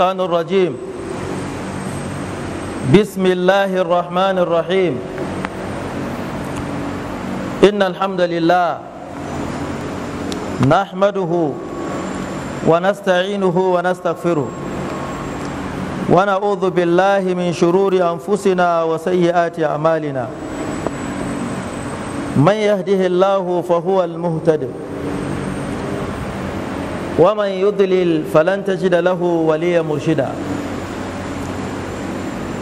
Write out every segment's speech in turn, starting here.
الشيطان الرجيم بسم الله الرحمن الرحيم إن الحمد لله نحمده ونستعينه ونستغفره ونعوذ بالله من شرور أنفسنا وسيئات أعمالنا من يهده الله فهو المهتدي ومن يضلل فلن تجد له وليا مرشدا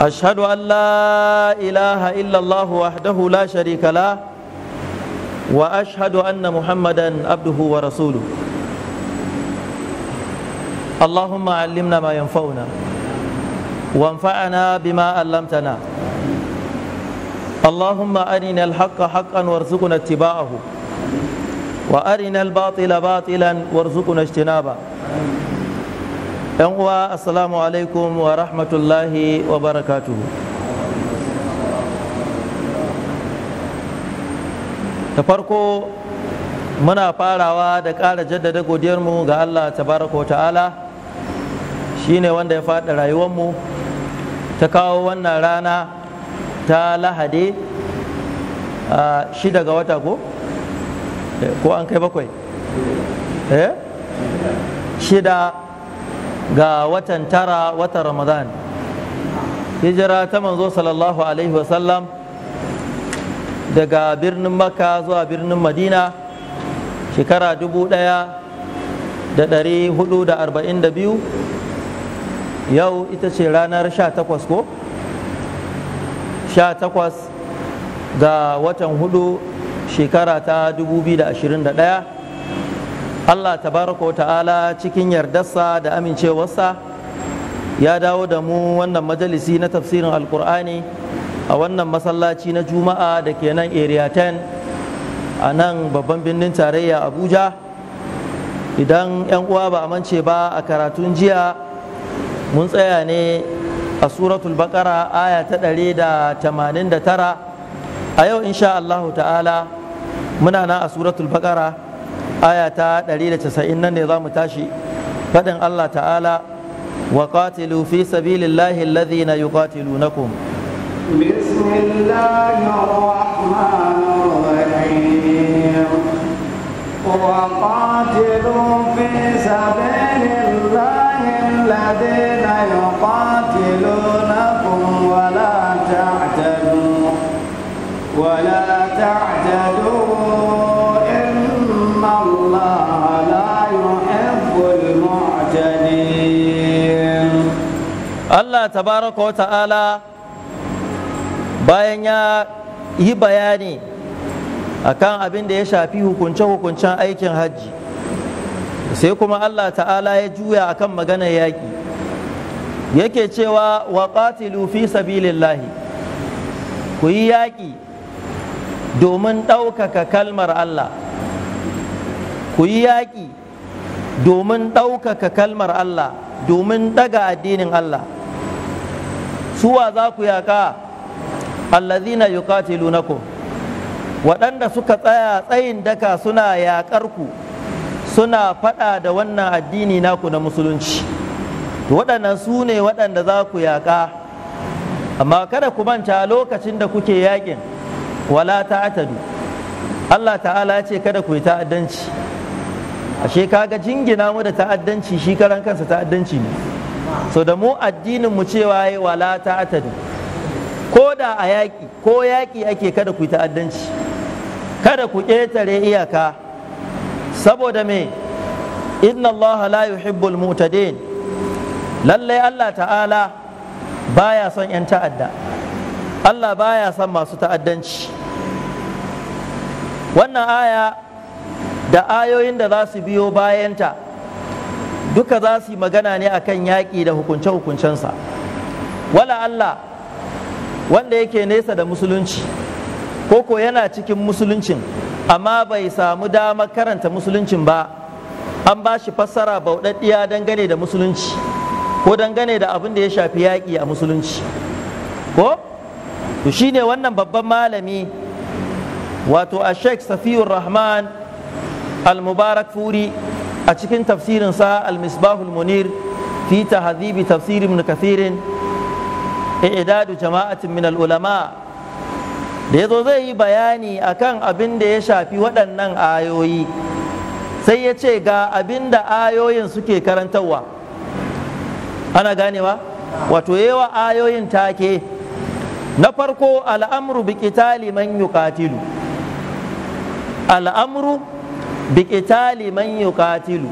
أشهد أن لا إله إلا الله وحده لا شريك له وأشهد أن محمدا عبده ورسوله اللهم علمنا ما ينفعنا وانفعنا بما علمتنا اللهم أرنا الحق حقا وارزقنا اتباعه وأرنا الباطل باطلا وارزقنا اجتنابه ‘Yan uwa, Assalamu alaikum wa rahmatullahi wa farko muna farawa da ƙara jaddada godiyarmu ga Allah tabaraka ta'ala shi ne wanda ya faɗa rayuwarmu ta kawo wannan rana ta lahade shida ga wata ko? ko an kai bakwai eh? shida ga watan tara watan ramadan hijira ta manzo sallallahu alaihi wasallam daga birnin makka zuwa birnin madina shekara dubu daya da dari hudu da arba'in da biyu yau ita ce ranar sha takwas ko sha takwas ga watan hudu shekara ta 2021 Allah tabaraka wa ta'ala cikin yardarsa da amincewarsa ya dawo da mu wannan majalisi na tafsirin alkur'ani a wannan masallaci na juma'a da ke nan area 10 a nan babban birnin tarayya abuja idan 'yan uwa ba a mance ba a karatun jiya mun tsaya ne a suratul bakara aya ta 189 a yau insha Allah ta'ala muna na a suratul baqara aya ta 190 nan ne za mu tashi faɗin Allah ta'ala wa qatilu fi sabilillahi alladhina yuqatilunakum bismillahir rahmanir rahim وقاتلوا في سبيل الله الذين يقاتلون Allah tabaraka wa ta'ala bayan ya yi bayani akan abin da ya shafi hukunce-hukuncen aikin hajji sai kuma Allah ta'ala ya juya akan maganar yaƙi yake cewa wa qatilu fi sabilillahi ku yi yaƙi domin ɗaukaka kalmar Allah ku yi yaƙi domin ɗaukaka kalmar Allah domin ɗaga addinin Allah suwa za ku yaka allazina yuqatilunakum waɗanda suka tsaya tsayin daka suna yaƙar ku suna faɗa da wannan addini naku na musulunci waɗannan su ne waɗanda za ku yaƙa amma kada ku manta lokacin da kuke yaƙin wala ta'tadu Allah ta'ala ya ce kada ku yi ta'addanci ashe kaga jingina mu da ta'addanci shi karan kansa ta'addanci ne so da mu addinin mu cewa yi wala ta atadu ko da a yaƙi ko yaƙi ake kada ku yi ta'addanci kada ku ƙetare iyaka saboda me inna allaha la yuhibbul mu'tadin lallai allah ta'ala baya son 'yan ta'adda allah baya son masu ta'addanci wannan aya da ayoyin da za su biyo bayanta duka za su yi magana ne a kan yaƙi da hukunce-hukuncensa wala Allah wanda yake nesa da musulunci koko yana cikin musuluncin amma bai samu damar karanta musuluncin ba an ba shi fassara bauɗaɗɗiya dangane da musulunci ko dangane da abin da ya shafi yaƙi a musulunci ko to shi ne wannan babban malami wato a sheikh safiyur rahman al-mubarak furi a cikin tafsirin sa al-misbahul munir fi tahdhibi tafsir ibn kathir i'dadu jama'atin min al-ulama da yazo zai yi bayani akan abin da ya shafi waɗannan ayoyi sai ya ce ga abin da ayoyin suke karantarwa ana ganewa wato yawa ayoyin take na farko al'amru bi qitali man yuqatilu al'amru biƙitali man yuqatilu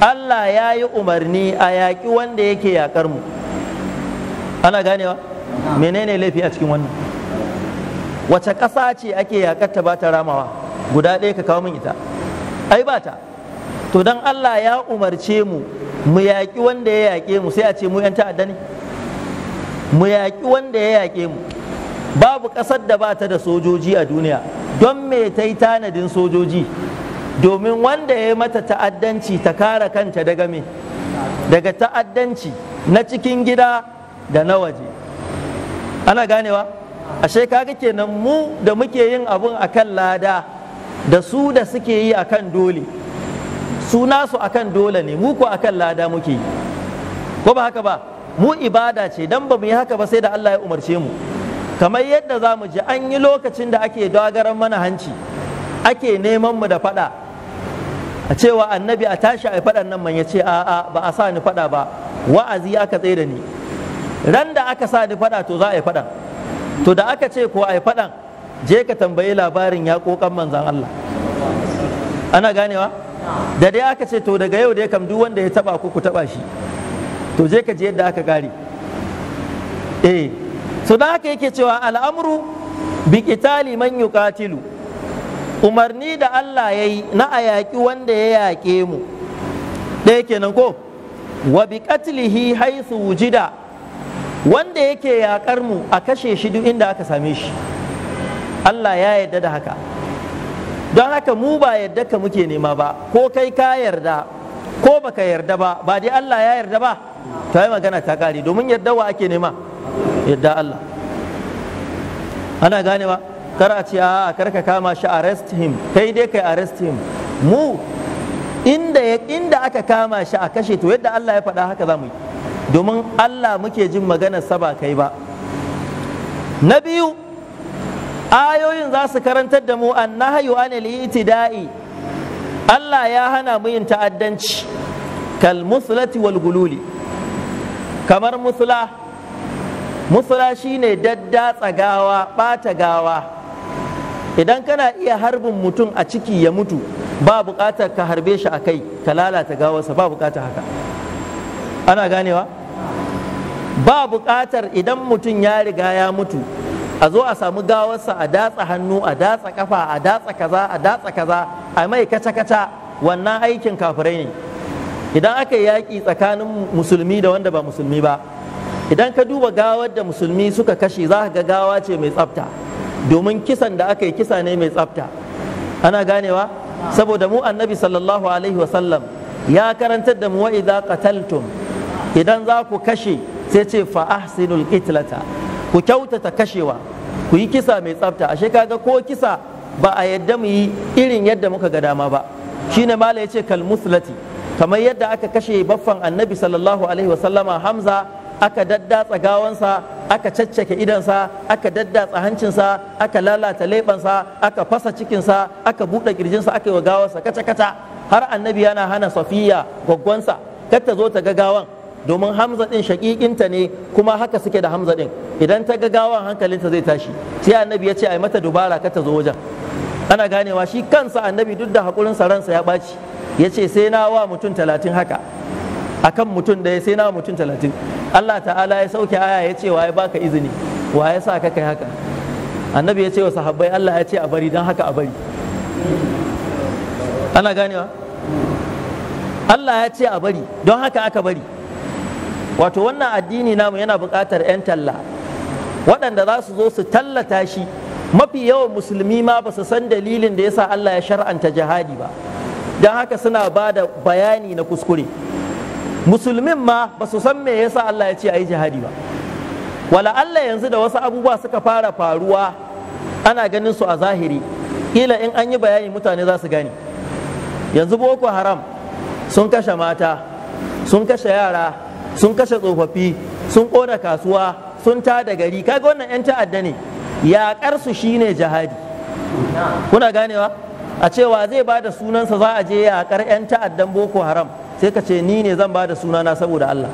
Allah ya yi umarni a yaƙi wanda yake yaƙar mu ana ganewa menene laifi a cikin wannan wace ƙasa ce ake yaƙar ta ba ta ramawa guda ɗaya ka kawo min ita ai ba ta to dan Allah ya umarce mu mu yaƙi wanda ya yaƙe mu sai a ce mu 'yan ta'adda ne mu yaƙi wanda ya yaƙe mu babu ƙasar da ba ta da sojoji a duniya don me ta yi tanadin sojoji domin wanda ya yi mata ta'addanci ta kare kanta daga me daga ta'addanci na cikin gida da na waje ana ganewa ashe kaga kenan mu da muke yin abun akan lada da su da suke yi akan dole su nasu akan dole ne mu ko akan lada muke yi ko ba haka ba mu ibada ce don ba mu yi haka ba sai da Allah ya umarce mu kamar yadda za mu ji an yi lokacin da ake dagaran mana hanci ake neman mu da fada a cewa annabi a tashi a fadan nan man ya ce a'a ba a sa ni fada ba wa'azi aka tsaye da ni ran da aka sa ni fada to za a yi fadan to da aka ce ko a yi fadan je ka tambayi labarin ya kokan manzan Allah ana ganewa da dai aka ce to daga yau dai kam duk wanda ya taba ku ku taba shi to je ka ji yadda aka gari eh so da haka yake cewa al'amru bi kitali man yuqatilu umarni da Allah ya yi na a yaƙi wanda ya yaƙe mu ɗaya kenan ko wa bi qatlihi haythu wujida wanda yake yaƙar mu a kashe shi duk inda aka same shi Allah ya yarda da haka don haka mu ba yarda ka muke nema ba ko kai ka yarda ko baka yarda ba ba dai Allah ya yarda ba to ai magana ta kare domin yarda wa ake nema yadda Allah ana gane ba kar a ce a kar kama shi arrest him kai dai kai arrest him mu inda inda aka kama shi a kashe to yadda Allah ya faɗa haka za mu yi domin Allah muke jin maganar sa ba kai ba na biyu ayoyin za su karantar da mu annahyu anil itida'i Allah ya hana mu yin ta'addanci kal muslati wal gululi kamar musla musula shine daddatsa gawa ɓata gawa idan kana iya harbin mutum a ciki ya mutu ba buƙatar ka harbe shi a kai ka lalata gawarsa ba buƙatar haka ana ganewa ba buƙatar idan mutum ya riga ya mutu a zo a samu gawarsa a datsa hannu a datsa kafa a datsa kaza a datsa kaza a mai kaca-kaca wannan aikin kafirai ne idan aka yi yaƙi tsakanin musulmi da wanda ba musulmi ba idan ka duba gawar da musulmi suka kashe za ka ga gawa ce mai tsafta domin kisan da aka yi kisa ne mai tsafta ana ganewa saboda mu annabi sallallahu alaihi wasallam ya karantar da mu wa idza qataltum idan za ku kashe sai ce fa ahsinul qitlata ku kyautata kashewa ku yi kisa mai tsafta ashe kaga ko kisa ba a yadda mu yi irin yadda muka ga dama ba shine mala yace kal muslati kamar yadda aka kashe baffan annabi sallallahu alaihi wasallama hamza aka daddatsa gawansa aka caccake idansa aka daddatsa hancinsa aka lalata leɓansa aka fasa cikinsa aka buɗe ƙirjinsa aka yi wa gawarsa kaca-kaca har annabi yana hana safiya goggonsa. kar ta zo ta ga gawan domin hamza ɗin shaƙiƙinta ne kuma haka suke da hamza ɗin idan ta ga gawan hankalinta zai tashi sai annabi ya ce a yi mata dubara kar ta zo wajen ana ganewa shi kansa annabi duk da haƙurinsa ransa ya ɓaci ya ce sai na wa mutum talatin haka akan mutum da ya sai na mutum talatin Allah ta'ala ya sauke aya ya ce wa ya baka izini wa ya sa ka kai haka annabi ya ce wa sahabbai Allah ya ce a bari don haka a bari ana ganewa Allah ya ce a bari don haka aka bari wato wannan addini namu yana buƙatar 'yan talla waɗanda za su zo su tallata shi mafi yawan musulmi ma ba su san dalilin da ya sa Allah ya shar'anta jihadi ba don haka suna ba da bayani na kuskure musulmin ma ba su san me yasa Allah ya ce ayi yi jihadi ba wala Allah yanzu da wasu abubuwa suka fara faruwa ana ganin su a zahiri kila in an yi bayani mutane za su gani. yanzu boko haram sun kashe mata sun kashe yara sun kashe tsofaffi sun ƙona kasuwa sun ta da gari kaga wannan 'yan ta'adda ne yaƙar su shine jihadi kuna ganewa a cewa zai ba da sunansa za a je yaƙar 'yan ta'addan boko haram sai ka ce ni ne zan ba da sunana saboda Allah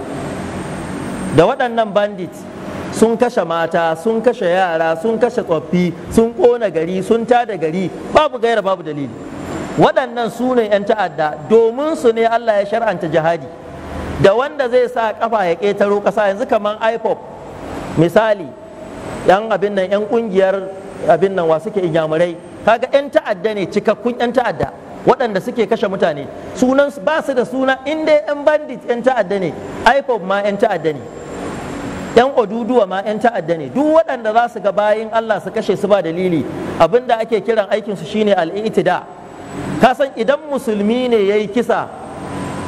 da waɗannan bandit sun kashe mata sun kashe yara sun kashe tsoffi sun ƙona gari sun tada gari babu gaira babu dalili waɗannan su ne 'yan ta'adda domin su ne Allah ya shar'anta jihadi da wanda zai sa ƙafa ya ƙetaro ƙasa yanzu kamar ipop misali yan abin nan yan ƙungiyar abin nan wa suke inyamurai kaga 'yan ta'adda ne cikakkun 'yan ta'adda waɗanda suke kashe mutane sunan ba su da suna in dai yan bandit yan ta'adda ne ipob ma yan ta'adda ne yan oduduwa ma yan ta'adda ne duk waɗanda za su ga bayin Allah su kashe su ba dalili da ake kiran aikin su shine al-i'tida ka san idan musulmi ne yayi kisa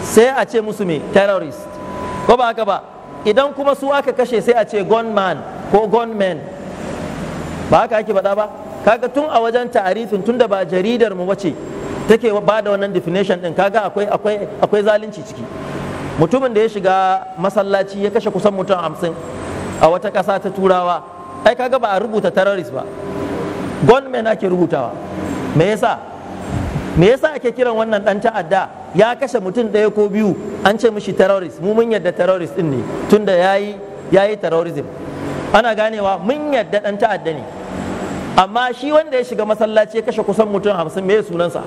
sai a ce musu me terrorist ko ba haka ba idan kuma su aka kashe sai a ce gunman ko gunman. ba haka ake faɗa ba kaga tun a wajen ta'arifin tun da ba jaridar mu bace take ba da wannan definition din kaga akwai akwai akwai zalunci ciki mutumin da ya shiga masallaci ya kashe kusan mutum hamsin a wata kasa ta turawa ai kaga ba a rubuta terrorist ba gunmen ake rubutawa me yasa me yasa ake kiran wannan dan ta'adda ya kashe mutum ɗaya ko biyu an ce mishi terrorist mu mun yadda terrorist din ne tunda yayi yayi terrorism ana ganewa mun yadda dan ta'adda ne amma shi wanda ya shiga masallaci ya kashe kusan mutum hamsin me sunansa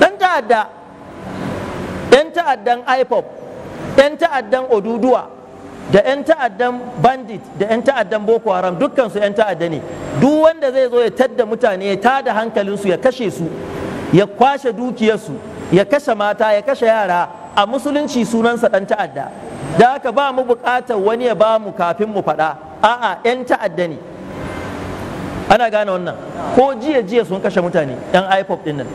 ɗan ta'adda yan ta'addan ipop yan ta'addan oduduwa da yan ta'addan bandit da yan ta'addan boko haram dukkansu yan ta'adda ne duk wanda zai zo ya tadda mutane ya tada hankalinsu ya kashe su ya kwashe dukiyarsu ya kashe mata ya kashe yara a musulunci sunansa ɗan ta'adda da haka ba mu bukatar wani ya ba mu kafin mu faɗa a'a yan ta'adda ne ana gane wannan ko jiya jiya sun kashe mutane yan ipop din nan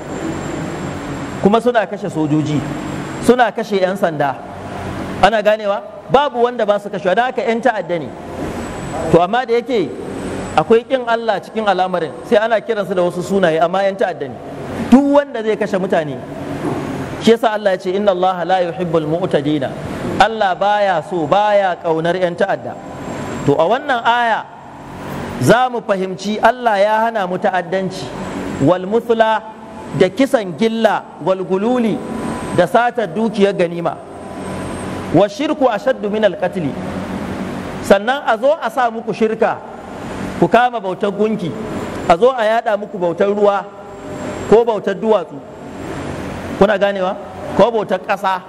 kuma suna kashe sojoji suna kashe yan sanda ana ganewa babu wanda ba su kashe don haka yan ta'adda ne to amma da yake akwai kin Allah cikin al'amarin sai ana kiransu da wasu sunaye amma yan ta'adda ne duk wanda zai kashe mutane shi yasa Allah ya ce inna Allah la yuhibbul mu'tadina Allah baya so baya kaunar yan ta'adda to a wannan aya za mu fahimci Allah ya hana mu ta'addanci wal muthla da kisan gilla wal gululi da satar dukiyar ganima wa shirku ashaddu min al sannan a zo a sa muku shirka ku kama bautar gunki a zo a yada muku bautar ruwa ko bautar duwatsu kuna ganewa ko bautar ƙasa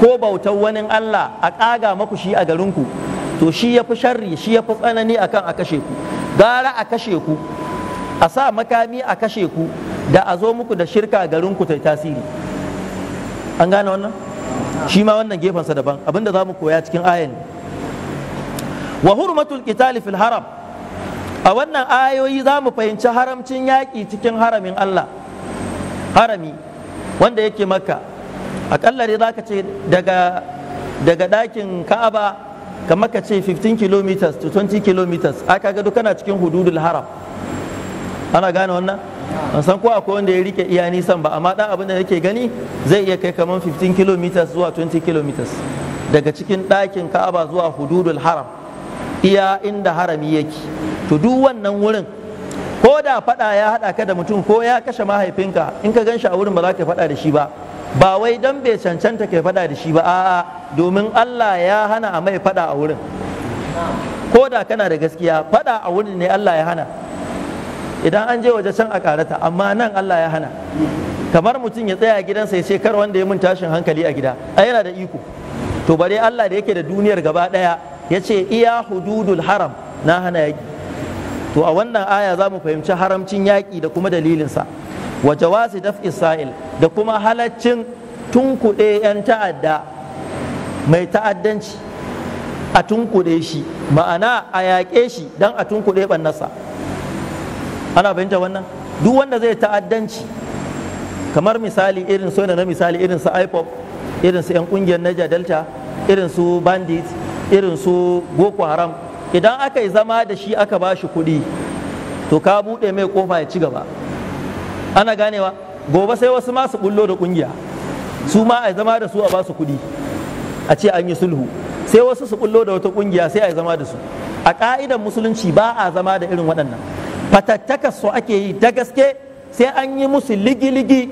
ko bautar wani Allah a ƙaga maku shi a garinku to shi ya fi sharri shi ya fi tsanani akan a kashe ku gara a kashe ku a sa makami a kashe ku da a zo muku da shirka garin ku ta tasiri an gane wannan shi ma wannan gefensa daban abinda za mu koya cikin ayan wa hurmatul qitali fil haram a wannan ayoyi za mu fahimci haramcin yaki cikin haramin Allah harami wanda yake makka akalla ne za ce daga daga ɗakin ka'aba kamar ka ce 15 kilometers to 20 kilometers a ka gado kana cikin hududul haram ana gane wannan an san ko akwai wanda ya rike iya nisan ba amma dan abin da yake gani zai iya kai kamar 15 kilometers zuwa 20 kilometers daga cikin ɗakin ka'aba zuwa hududul haram iya inda harami yake to duk wannan wurin ko da faɗa ya haɗa ka da mutum ko ya kashe mahaifinka in ka gan shi a wurin ba za ka faɗa da shi ba ba wai don bai cancanta kai fada da shi ba a'a domin Allah ya hana a mai fada a wurin ko da kana da gaskiya fada a wurin ne Allah ya hana idan an je waje can a karata amma nan Allah ya hana kamar mutum ya tsaya a gidansa ya ce kar wanda ya mun tashin hankali a gida a yana da iko to bare Allah da yake da duniyar gaba ɗaya ya ce iya hududul haram na hana yaki to a wannan aya za mu fahimci haramcin yaki da kuma dalilinsa wa jawazi daf Isra'il da kuma halaccin tunkuɗe 'yan ta'adda mai ta'addanci a tunkuɗe shi ma'ana a yaƙe shi don a tunkuɗe ɓannasa ana fahimta wannan duk wanda zai ta'addanci kamar misali irin so na misali irin su ipop irin su 'yan ƙungiyar naija delta irin su bandit irin su boko haram idan aka yi zama da shi aka ba shi kuɗi to ka buɗe mai kofa ya ci gaba ana ganewa gobe sai wasu masu bullo da kungiya su ma a zama da su a basu kuɗi a ce an yi sulhu sai wasu su bullo da wata kungiya sai a zama da su a ka'idan musulunci ba a zama da irin waɗannan fatattaka su ake yi ta gaske sai an yi musu ligiligi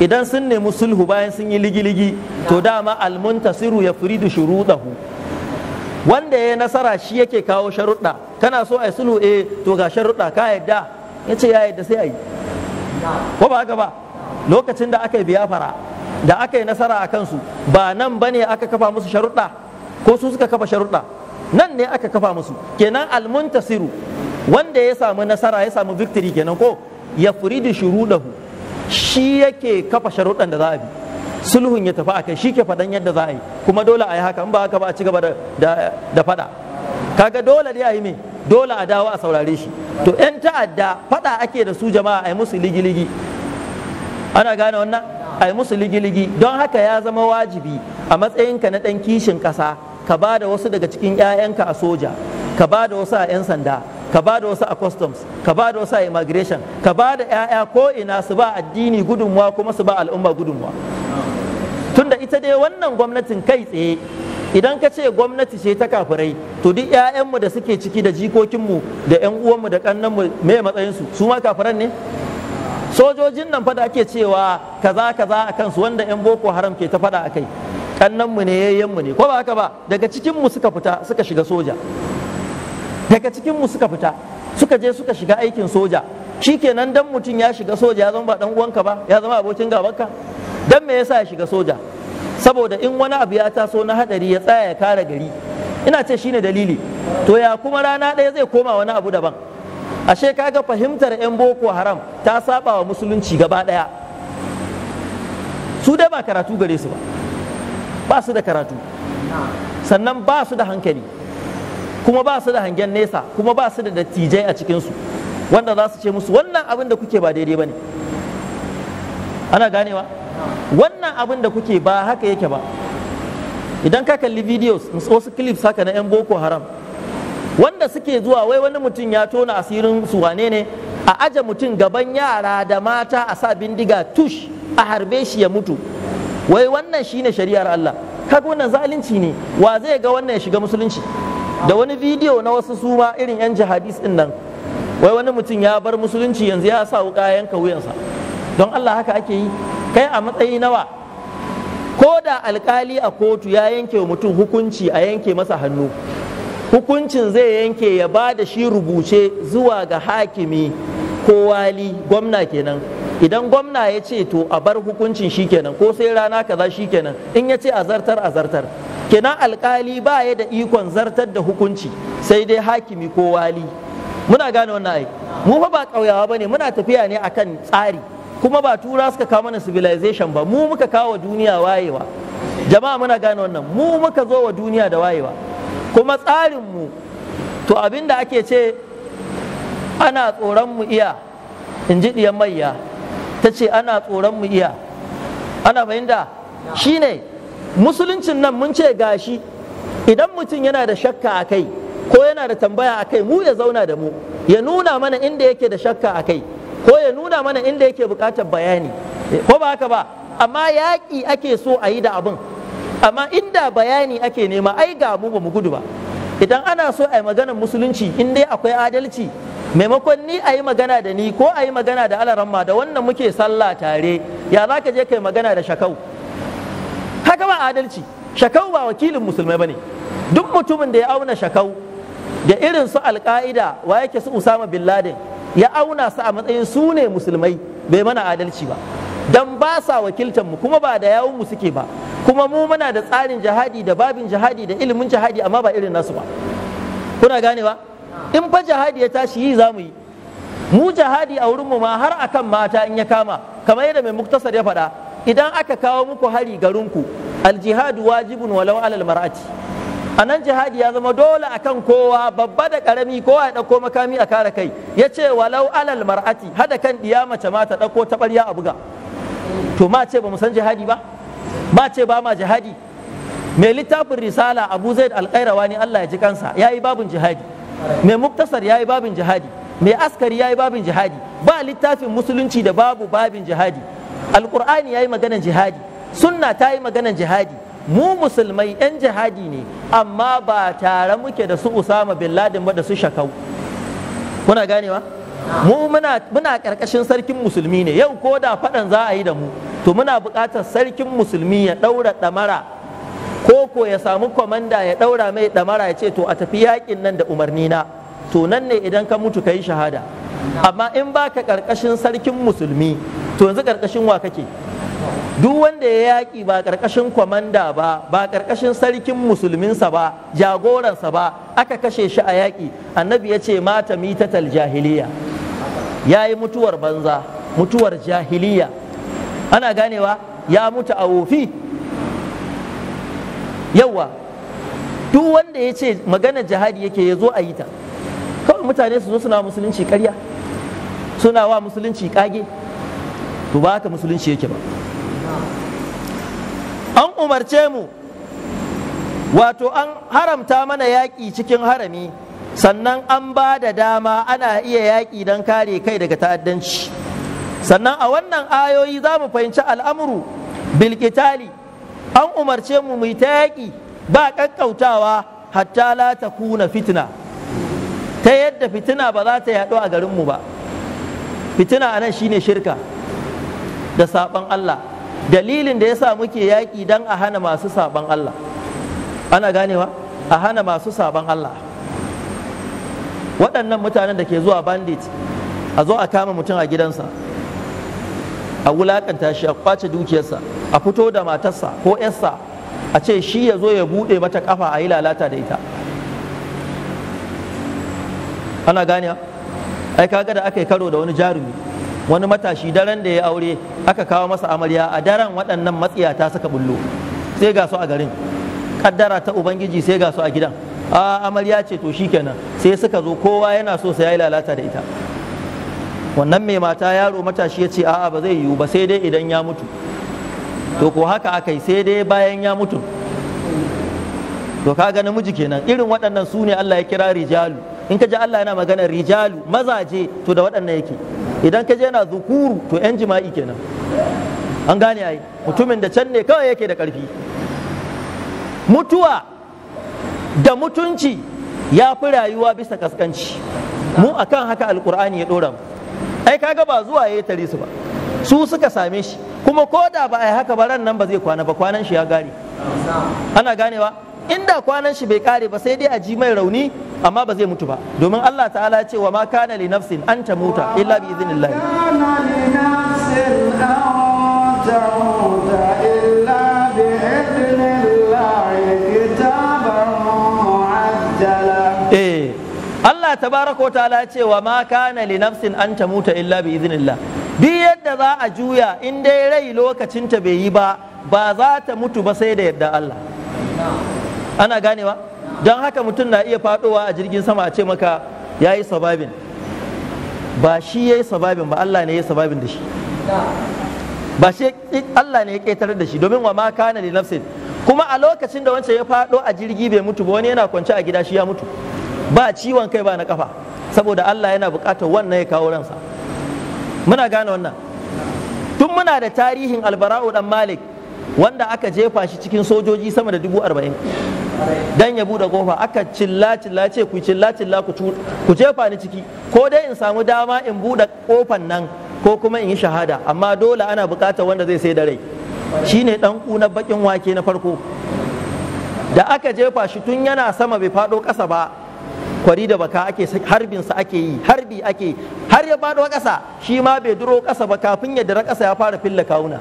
idan sun nemi sulhu bayan sun yi ligi-ligi to dama almuntasiru ya da shuruɗahu wanda ya nasara shi yake kawo sharuɗa kana so a yi sulhu eh to ga sharuɗa ka yadda ya ce ya yadda sai a yi ko ba haka ba lokacin da aka yi biyafara da aka yi nasara a kansu ba nan ba ne aka kafa musu sharuɗa ko su suka kafa sharuɗa nan ne aka kafa musu kenan almuntasiru wanda ya samu nasara ya samu victory kenan ko ya furidu shuruɗahu shi yake kafa sharuɗan da za a bi sulhun ya tafi akai shi ke faɗan yadda za a yi kuma dole a yi haka in ba haka ba a ci gaba da faɗa kaga dole dai a yi me dole a dawo a saurare shi to 'yan ta'adda faɗa ake da su jama'a a yi musu ligiligi ana gane wannan a yi musu ligiligi don haka ya zama wajibi a matsayinka na ɗan kishin ƙasa ka ba da wasu daga cikin 'ya'yanka a soja ka ba da wasu a 'yan sanda ka ba da wasu a customs ka ba da wasu a immigration ka ba da 'ya'ya ko ina su ba addini gudunmuwa kuma su ba al'umma gudunmuwa tunda ita dai wannan gwamnatin kai tsaye idan ka ce gwamnati ce ta kafirai to duk 'ya'yanmu da suke ciki da jikokinmu da 'yan uwanmu da kannanmu me matsayinsu su ma kafiran ne sojojin nan fada ake cewa kaza kaza a kansu wanda 'yan boko haram ke ta fada a kai kannanmu ne yayyanmu ne ko ba haka ba daga cikinmu suka fita suka shiga soja daga cikinmu suka fita suka je suka shiga aikin soja shi shikenan dan mutum ya shiga soja ya zama ba dan uwanka ba ya zama abokin gabanka dan me yasa ya shiga soja saboda in wani abu ya taso na hadari ya tsaya ya kare gari ina ce shine dalili to ya kuma rana ɗaya zai koma wani abu daban ashe kaga fahimtar 'yan boko haram ta saba wa musulunci gaba ɗaya su dai ba karatu gare su ba ba su da karatu sannan ba su da hankali kuma ba su da hangen nesa kuma ba su da dattijai a cikinsu wanda za su ce musu wannan abin da kuke ba daidai ba ne ana ganewa wannan abin da kuke ba haka yake ba idan ka kalli videos wasu clips haka na 'yan boko haram wanda suke zuwa wai wani mutum ya tona asirin su wane ne a aje mutum gaban yara da mata a sa bindiga tush a harbe shi ya mutu wai wannan shine shari'ar Allah kaga wannan zalunci ne wa zai ga wannan ya shiga musulunci da wani video na wasu suma irin yan jihadis din nan wai wani mutum ya bar musulunci yanzu ya sa wuka yanka wuyansa don Allah haka ake yi kai a matsayi nawa ko da alkali a kotu ya yanke wa mutum hukunci a yanke masa hannu hukuncin zai yanke ya ba da shi rubuce zuwa ga hakimi ko wali gwamna kenan idan gwamna ya ce to a bar hukuncin shi kenan ko sai rana kaza shi kenan in ya ce a zartar a zartar kenan alkali ba ya da ikon zartar da hukunci sai dai hakimi ko wali muna gane wannan ai mu fa ba ƙauyawa bane muna tafiya ne akan tsari kuma ba tura suka kawo mana civilization ba mu muka kawo duniya wayewa jama'a muna gane wannan mu muka zo wa duniya da wayewa kuma mu to abinda ake ce ana tsoron mu iya in ji ɗiyan mayya ta ce ana tsoron mu iya ana fahimta shine musuluncin nan mun ce gashi idan mutum yana da shakka a kai ko yana da tambaya a kai mu ya zauna da mu ya nuna mana inda yake da shakka a kai ko ya nuna mana inda yake buƙatar bayani ko ba haka ba amma yaƙi ake so a yi da abin amma inda bayani ake nema ai ga mu ba mu gudu ba idan ana so a yi maganar musulunci in dai akwai adalci maimakon ni a yi magana da ni ko a yi magana da alaramma da wannan muke sallah tare ya za ka je ka yi magana da shakau haka ba adalci shakau ba wakilin musulmai ba ne. duk mutumin da ya auna shakau da irin su alka'ida wa yake su usama bin laden ya auna su a matsayin su ne musulmai bai mana adalci ba dan ba sa wakiltar mu kuma ba da yawun mu suke ba kuma mu muna da tsarin jihadi da babin jihadi da ilimin jihadi amma ba irin nasu ba kuna gane ba? in fa jihadi ya tashi yi zamu yi mu jihadi a wurin mu ma har akan mata in ya kama kamar yadda mai muktasar ya faɗa idan aka kawo muku hari garinku aljihadu wajibun walau alal mar'ati a nan jihadi ya zama dole akan kowa babba da karami kowa ya ɗauko makami a kare kai ya ce walau alal mar'ati hada kan diya mace ma ta ɗauko taɓarya a buga to ma ce ba san jihadi ba ma ce ba ma jihadi mai littafin risala abu zaid alƙairawa ne allah ya ji kansa ya yi babin jihadi mai muktasar ya yi babin jihadi mai askari ya yi babin jihadi ba littafin musulunci da babu babin jihadi alƙur'ani ya yi maganan jihadi sunna ta yi maganan jihadi mu musulmai 'yan jihadi ne amma ba tare muke da su usama bin ladin ba da su shakau kuna ganewa mu muna muna karkashin sarkin musulmi ne yau ko da faɗan za a yi da mu to muna buƙatar sarkin musulmi ya ɗaura ɗamara ko ko ya samu kwamanda ya ɗaura mai ɗamara ya ce to a tafi yakin nan da umarni na to nan ne idan ka mutu ka yi shahada amma in baka karkashin sarkin musulmi to yanzu karkashin wa kake duk wanda ya yaƙi ba karkashin kwamanda ba ba karkashin sarkin musulminsa ba jagoransa ba aka kashe shi a yaƙi annabi ya ce mata mitatal jahiliya ya yi mutuwar banza mutuwar jahiliya ana ganewa ya mutu a wofi yawa duk wanda ya ce magana jihadi yake ya zo a yi ta kawai mutane su zo suna musulunci karya suna wa musulunci kage to ba haka musulunci yake ba an umarce mu wato an haramta mana yaƙi cikin harami sannan an ba da dama ana iya yaƙi don kare kai daga ta'addanci sannan a wannan ayoyi za mu fahimci al'amuru bilkitali an umarce mu mu ta yaƙi ba ƙaƙƙautawa hatta la ta kuna fitina ta yadda fitina ba za ta yaɗo a garinmu ba fitina anan shine shirka da saban Allah dalilin da yasa muke yaƙi dan a hana masu saban Allah ana ganewa a hana masu saban Allah waɗannan mutanen da ke zuwa bandit a zo a kama mutum a gidansa a wulakanta shi a kwace dukiyarsa a fito da matarsa ko yarsa a ce shi ya zo ya buɗe mata kafa a yi lalata da ita ana ganewa ai kaga da aka yi karo da wani jarumi wani matashi daren da ya aure aka kawo masa amarya a daren waɗannan matsiyata saka bullo sai ga su a garin kaddara ta ubangiji sai ga su a gidan a amarya ce to shikenan sai suka zo kowa yana so sai ya lalata da ita wannan mai mata yaro matashi ya ce a'a ba zai yiwu ba sai dai idan ya mutu to ko haka aka yi sai dai bayan ya mutu to kaga namiji kenan irin waɗannan su ne Allah ya kira rijalu in ka ji Allah yana magana rijalu mazaje to da waɗannan yake idan ka je yana zukuru to yan jima'i kenan an gane ai mutumin da can ne kawai yake da ƙarfi mutuwa da mutunci ya fi rayuwa bisa kaskanci mu akan haka alkur'ani ya ɗora mu ai kaga ba zuwa ya tare su ba su suka same shi kuma ko da ba a yi haka ba ran nan ba zai kwana ba kwanan shi ya gane ana ganewa inda kwanan shi bai kare ba sai dai a ji mai rauni amma ba zai mutu ba domin Allah ta'ala ce wa ma kana li nafsin an ta muta illa bi idhnillah eh, Allah tabaraka wa ta'ala ce wa ma kana li nafsin an ta muta illa bi idhnillah duk yadda za a juya in dai rai lokacin ta bai yi ba ba za ta mutu ba sai da yadda Allah ana ganewa don haka mutum na iya fadowa a jirgin sama a ce maka ya yi sababin ba shi ya yi sababin ba Allah ne ya yi sababin da shi ba shi Allah ne ya ƙetare da shi domin wa ma kana da nafsin kuma a lokacin da wancan ya fado a jirgi bai mutu ba wani yana kwance a gida shi ya mutu ba ciwon kai ba na kafa saboda Allah yana buƙatar wannan ya kawo ransa muna gane wannan tun muna da tarihin albara'u dan malik wanda aka jefa shi cikin sojoji sama da dubu arba'in dan ya bude kofa aka cilla cilla ce ku cilla cilla ku ku jefa ni ciki ko dai in samu dama in bude kofan nan ko kuma in yi shahada amma dole ana bukatar wanda zai sai da rai shine dan na bakin wake na farko da aka jefa shi tun yana sama bai fado kasa ba kwari da baka ake harbin sa ake yi harbi ake har ya fado kasa shi ma bai duro kasa ba kafin ya dira kasa ya fara filla kawuna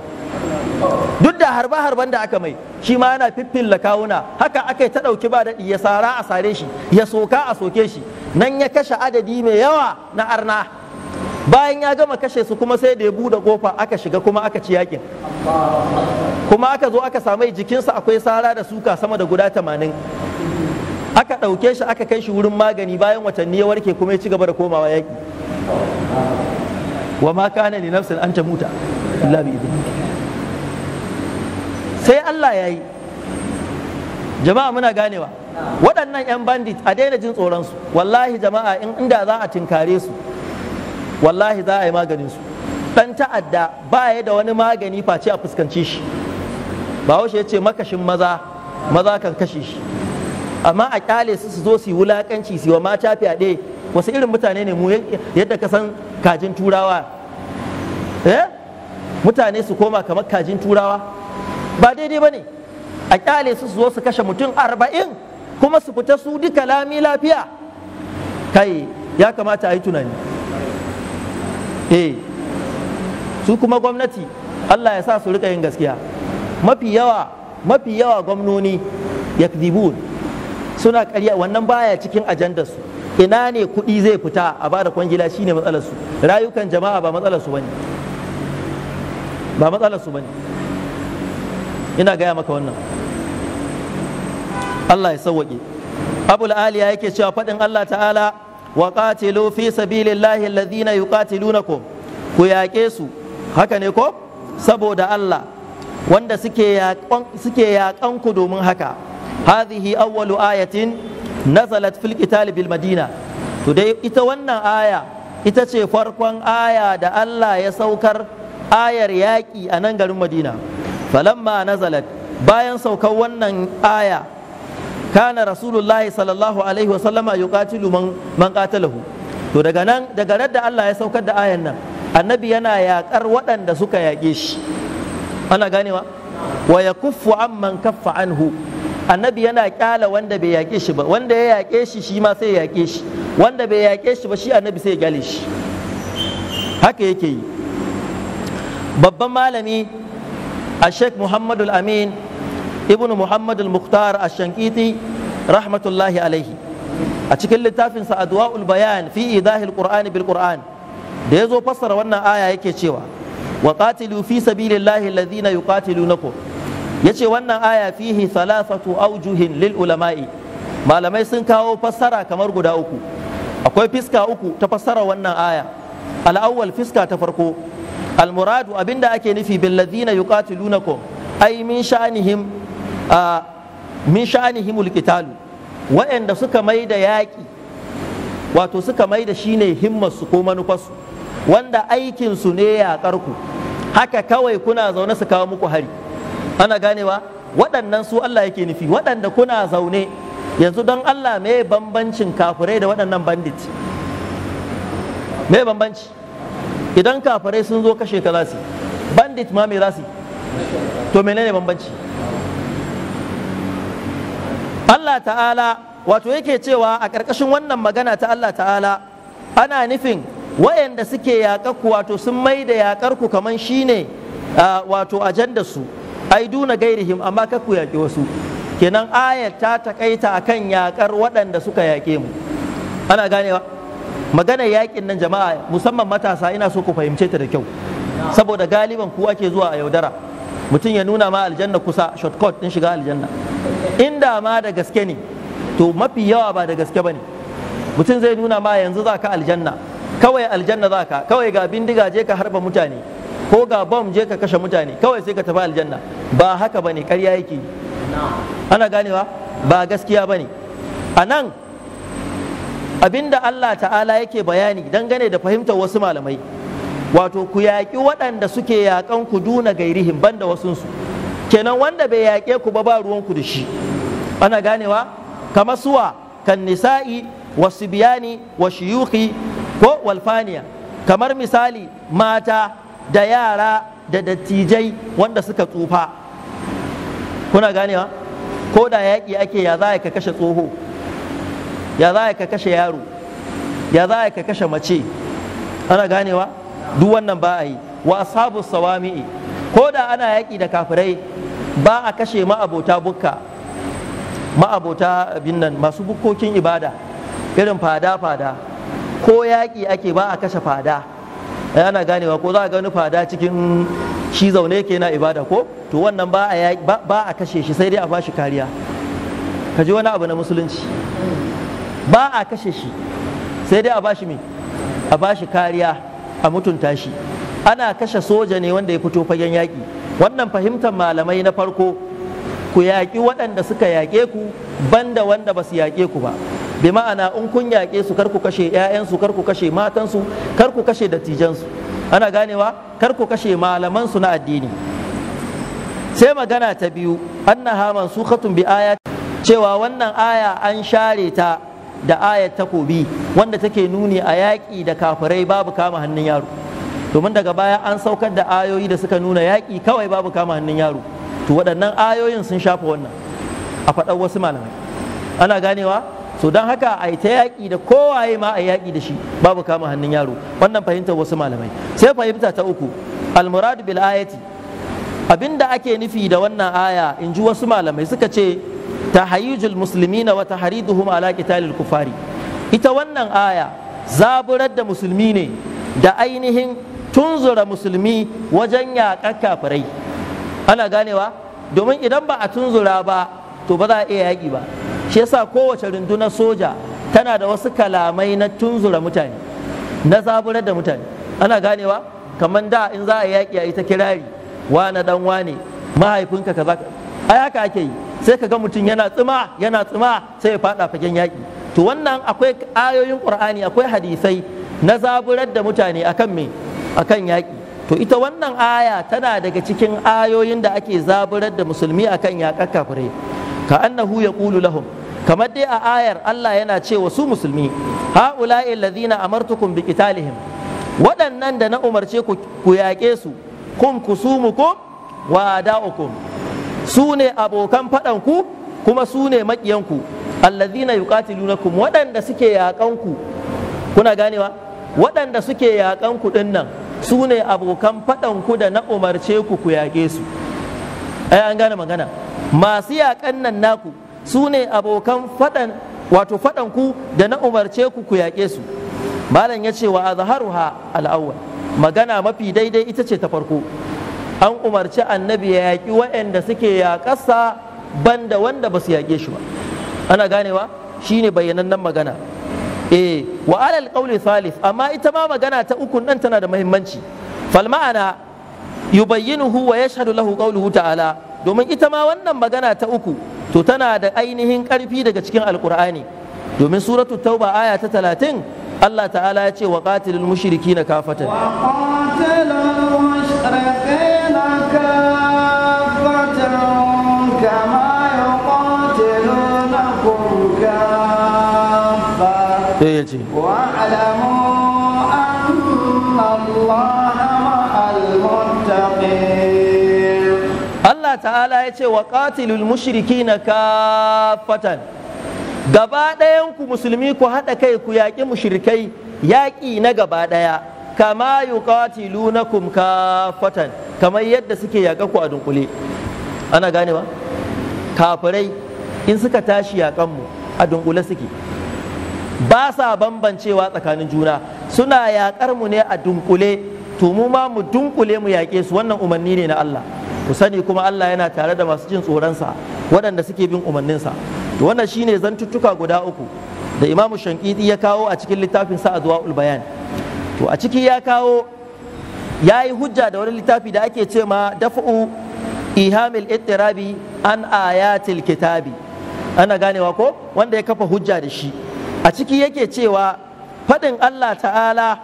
duk da harba-harban da aka mai shi ma yana fiffilla kawuna haka aka yi ta ɗauki ba daɗi ya sara a sare shi ya soka a soke shi nan ya kashe adadi mai yawa na arna bayan ya gama kashe su kuma sai da ya buɗe kofa aka shiga kuma aka ci yakin kuma aka zo aka samai jikinsa akwai sara da suka sama da guda tamanin aka ɗauke shi aka kai shi wurin magani bayan watanni ya warke kuma ya ci gaba da komawa yaki. wa ma kana li nafsin an muta illa bi sai Allah ya yi jama'a muna ganewa waɗannan 'yan bandit a daina jin tsoronsu wallahi jama'a inda za a tinkare su wallahi za a yi maganin su ɗan ta'adda ba ya da wani magani face a fuskanci shi bahaushe ya ce makashin maza maza kan kashe shi amma a ƙyale su su zo su yi wulakanci su wa mata fyaɗe wasu irin mutane ne mu yadda ka san kajin turawa eh mutane su koma kamar kajin turawa ba daidai ba ne a kyale su zo su kashe mutum arba'in kuma su fita su duka lami lafiya kai ya kamata a yi tunani eh su kuma gwamnati Allah ya sa su rika yin gaskiya mafi yawa mafi yawa gwamnoni yakdibun suna karya wannan baya cikin ajandarsu ina ne kuɗi zai fita a ba da kwangila shine matsalarsu rayukan jama'a ba matsalarsu ba matsalarsu ina gaya maka wannan Allah ya sauwaƙe abul aliya yake cewa faɗin Allah ta'ala wa qatilu fi sabilillahi alladhina yuqatilunakum ku yaƙe su haka ne ko saboda Allah wanda suke yaƙan ku domin haka hadhihi awwalu ayatin nazalat fil qital bil madina to dai ita wannan aya ita ce farkon aya da Allah ya saukar ayar yaƙi a nan garin Madina falamma nazalat bayan saukar wannan aya kana rasulullahi sallallahu alaihi wa sallama yuqatilu man man qatalahu to daga nan daga nan da Allah ya saukar da ayan nan annabi yana yakar waɗanda suka yaƙe shi ana ganewa wa yakuffu amman kaffa anhu annabi yana kyala wanda bai yaƙe shi ba wanda ya yaƙe shi shi ma sai ya yaƙe shi wanda bai yaƙe shi ba shi annabi sai ya kyale shi haka yake yi babban malami a sheikh muhammadu amin ibnu muhammadu Muktar mukhtar shankiti rahmatullahi alaihi a cikin littafinsa adwa'ul bayan fi idahil qur'ani bil qur'an da ya zo fassara wannan aya yake cewa wa qatilu fi sabilillahi alladhina yuqatilunakum yace wannan aya fihi thalathatu awjuhin lil ulama'i malamai sun kawo fassara kamar guda uku akwai fiska uku ta fassara wannan aya al'awwal fiska ta farko almuradu abinda ake nufi bil ladina yuqatilunakum ai min sha'nihim min sha'nihimul suka mai da yaƙi wato suka mai da shine himmarsu ko manufarsu wanda aikinsu ne yaƙar haka kawai kuna zaune su kawo muku hari ana ganewa waɗannan su Allah yake nufi waɗanda kuna zaune yanzu don Allah me bambancin kafirai da waɗannan bandit me bambanci idan kafarai sun zo kashe ka za su bandit ma mai za su to menene bambanci Allah ta'ala wato yake cewa a ƙarƙashin wannan magana ta Allah ta'ala ana nufin wayanda suke yaƙarku wato sun mai da yaƙarku kamar shi ne wato ajanda su ai duna gairihim amma kakku yaƙi wasu kenan ayar ta taƙaita akan yaƙar waɗanda suka yaƙe mu ana ganewa Maganar yakin nan jama'a musamman matasa ina so ku fahimce ta da kyau saboda galiban ku ke zuwa a yaudara mutum ya nuna ma aljanna kusa shortcut din shiga aljanna inda ma da gaske ne to mafi yawa ba da gaske bane mutum zai nuna ma yanzu za ka aljanna kawai aljanna za ka kawai ga bindiga je ka harba mutane ko ga bom je ka kashe mutane kawai sai ka tafi aljanna ba haka bane ƙarya yake ana ganewa ba gaskiya bane a nan abinda Allah ta'ala yake bayani dangane da fahimtar wasu malamai wato ku yaƙi waɗanda suke yaƙan ku duna gairihin banda wasunsu kenan wanda bai yaƙe ku ba ba ruwanku da shi ana ganewa kamar suwa kan nisa'i wasu biyani wa shiyuki ko walfaniya kamar misali mata da yara da dattijai wanda suka tsufa kuna ganewa ko da yaƙi ake ya za ka kashe tsoho ya za ka kashe yaro ya za ka kashe mace ana ganewa duk wannan ba a yi wa sabu sawami'i ko da ana yaƙi da kafirai ba a kashe ma'abota bukka ma'abota nan masu bukkokin ibada irin fada-fada ko yaƙi ake ba a kashe fada eh, ana ganewa ko za a gani fada cikin shi zaune ke na ibada ko to wannan ba a kashe shi sai dai a shi kariya ka ji wani abu na musulunci ba a kashe shi sai dai a bashi mai a bashi kariya a mutunta shi ana kashe soja ne wanda ya fito fagen yaƙi wannan fahimtar malamai na farko ku yaƙi waɗanda suka yaƙe ku banda wanda ba su yaƙe ku ba bi ma'ana in kun yaƙe su kar ku kashe 'ya'yansu kar ku kashe matansu kar ku kashe dattijansu ana ganewa kar ku kashe malamansu na addini sai magana ta biyu annaha mansukhatun bi ayat cewa wannan aya an share ta da ayat takobi wanda take nuni a yaƙi da kafirai babu kama hannun yaro domin daga baya an saukar da ayoyi da suka nuna yaƙi kawai babu kama hannun yaro to waɗannan ayoyin sun shafa wannan a faɗar wasu malamai ana ganewa so don haka a yi ta yaƙi da kowaye ma a yaƙi da shi babu kama hannun yaro wannan fahimtar wasu malamai sai fahimta ta uku almuradu bil ayati abinda ake nufi da wannan aya in ji wasu malamai suka ce tahayyujul muslimina wa tahriduhum ala qitalil kufari ita wannan aya zaburar da musulmi ne da ainihin tunzura musulmi wajen yaƙar kafirai ana ganewa domin idan ba a tunzura ba to ba za a iya yaƙi ba shi yasa kowace rundunar soja tana da wasu kalamai na tunzura mutane na zaburar da mutane ana ganewa kamar da in za a yaƙi a ita kirari na dan wane mahaifinka kaza ai haka ake yi sai ka ga mutum yana tsima yana tsima sai ya fada fagen yaƙi to wannan akwai ayoyin qur'ani akwai hadisai na zaburar da mutane akan me akan yaƙi to ita wannan aya tana daga cikin ayoyin da ake zaburar da musulmi akan yaƙar kafire ka annahu yaqulu lahum kamar dai a ayar Allah yana ce wa su musulmi ha'ula'i alladhina amartukum biqitalihim waɗannan da na umarce ku yaƙe su kum kusumukum wa da'ukum su ne abokan faɗanku kuma su ne maƙiyanku allazina yuqatilunakum waɗanda suke yaƙanku kuna ganewa waɗanda suke yaƙanku ɗin nan su ne abokan faɗanku da na umarce ku ku yaƙe su ai an gane magana masu yaƙan nan naku su ne abokan faɗan wato faɗanku da na umarce ku ku yaƙe su malam ya ce wa azharuha al'awwal magana mafi daidai ita ce ta farko an umarci annabi ya yaƙi waɗanda suke yaƙasa banda wanda ba su yaƙe shi ba ana ganewa shine bayyanannen magana eh wa alal qawli thalith amma ita ma magana ta uku nan tana da muhimmanci fal ma'ana yubayyinuhu wa yashhadu lahu qawluhu ta'ala domin ita ma wannan magana ta uku to tana da ainihin ƙarfi daga cikin alƙur'ani domin suratu tauba aya ta talatin Allah ta'ala ya ce wa qatilul mushrikina kafatan wa sai eh, ya ce Allah ta'ala ya ce wa qatilul mushrikina kafatan gaba ku musulmi ku haɗa kai ku yaƙi mushrikai yaƙi na gaba ɗaya kama yuqatilunakum kafatan kamar yadda suke yaƙa ku a dunkule ana gane ba kafirai in suka tashi mu a dunkule suke ba sa bambancewa tsakanin juna suna yaƙar mu ne a dunkule to mu ma mu dunkule mu yaƙe su wannan umarni ne na Allah ku sani kuma Allah yana tare da masu jin tsoronsa waɗanda suke bin umarninsa wannan shine zantuttuka guda uku da Imam shankiti ya kawo a cikin littafin sa ul bayan to a ciki ya kawo ya yi hujja da wani littafi da ake ce ma daf'u ihamil ittirabi an ayatil kitabi ana ganewa ko wanda ya kafa hujja da shi a ciki yake cewa faɗin Allah ta'ala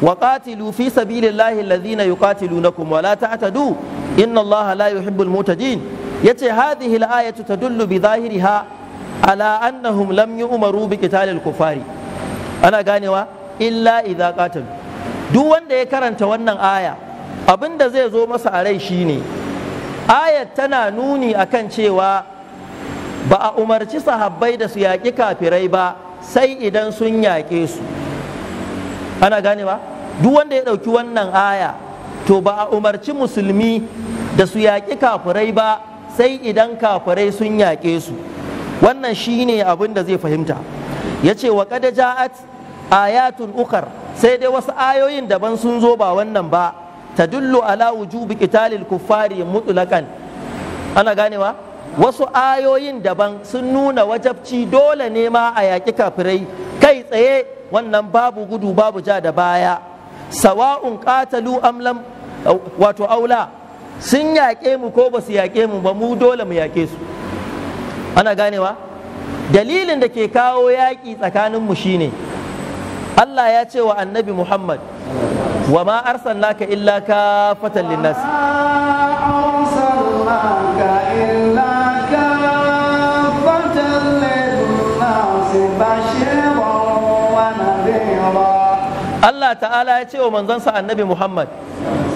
wa qatilu fi sabilillahi allazina yuqatilunakum wa la atadu? inna Allah la yuhibbul Ya yace hadhihi al-ayatu tadullu bi ha? ala annahum lam Umaru, bi qitalil kufari ana ganewa illa idza qatal duk wanda ya karanta wannan aya abinda zai zo masa a rai shine ayat tana nuni akan cewa ba a umarci sahabbai da su yaƙi kafirai ba sai idan sun yaƙe su ana gane ba duk wanda ya ɗauki wannan aya to ba a umarci musulmi da su yaƙi kafirai ba sai idan kafirai sun yaƙe su wannan shi ne abin da zai fahimta ya ce wa kada ja'at ayatun ukar sai dai wasu ayoyin daban sun zo ba wannan ba ta dullu ala wujubi kitalil kuffari mutlaqan ana ganewa wasu ayoyin daban sun nuna wajabci dole ne ma a yaƙi kafirai kai tsaye wannan babu gudu babu ja da baya sawa'un qatalu amlam wato aula sun yaƙe mu ko ba su yaƙe mu ba mu dole mu yaƙe su ana ganewa dalilin da ke kawo yaƙi tsakanin mu shine Allah ya ce wa annabi Muhammad wa ma arsalnaka illa kafatan linnas Allah ta'ala ya ce wa manzansa annabi Muhammad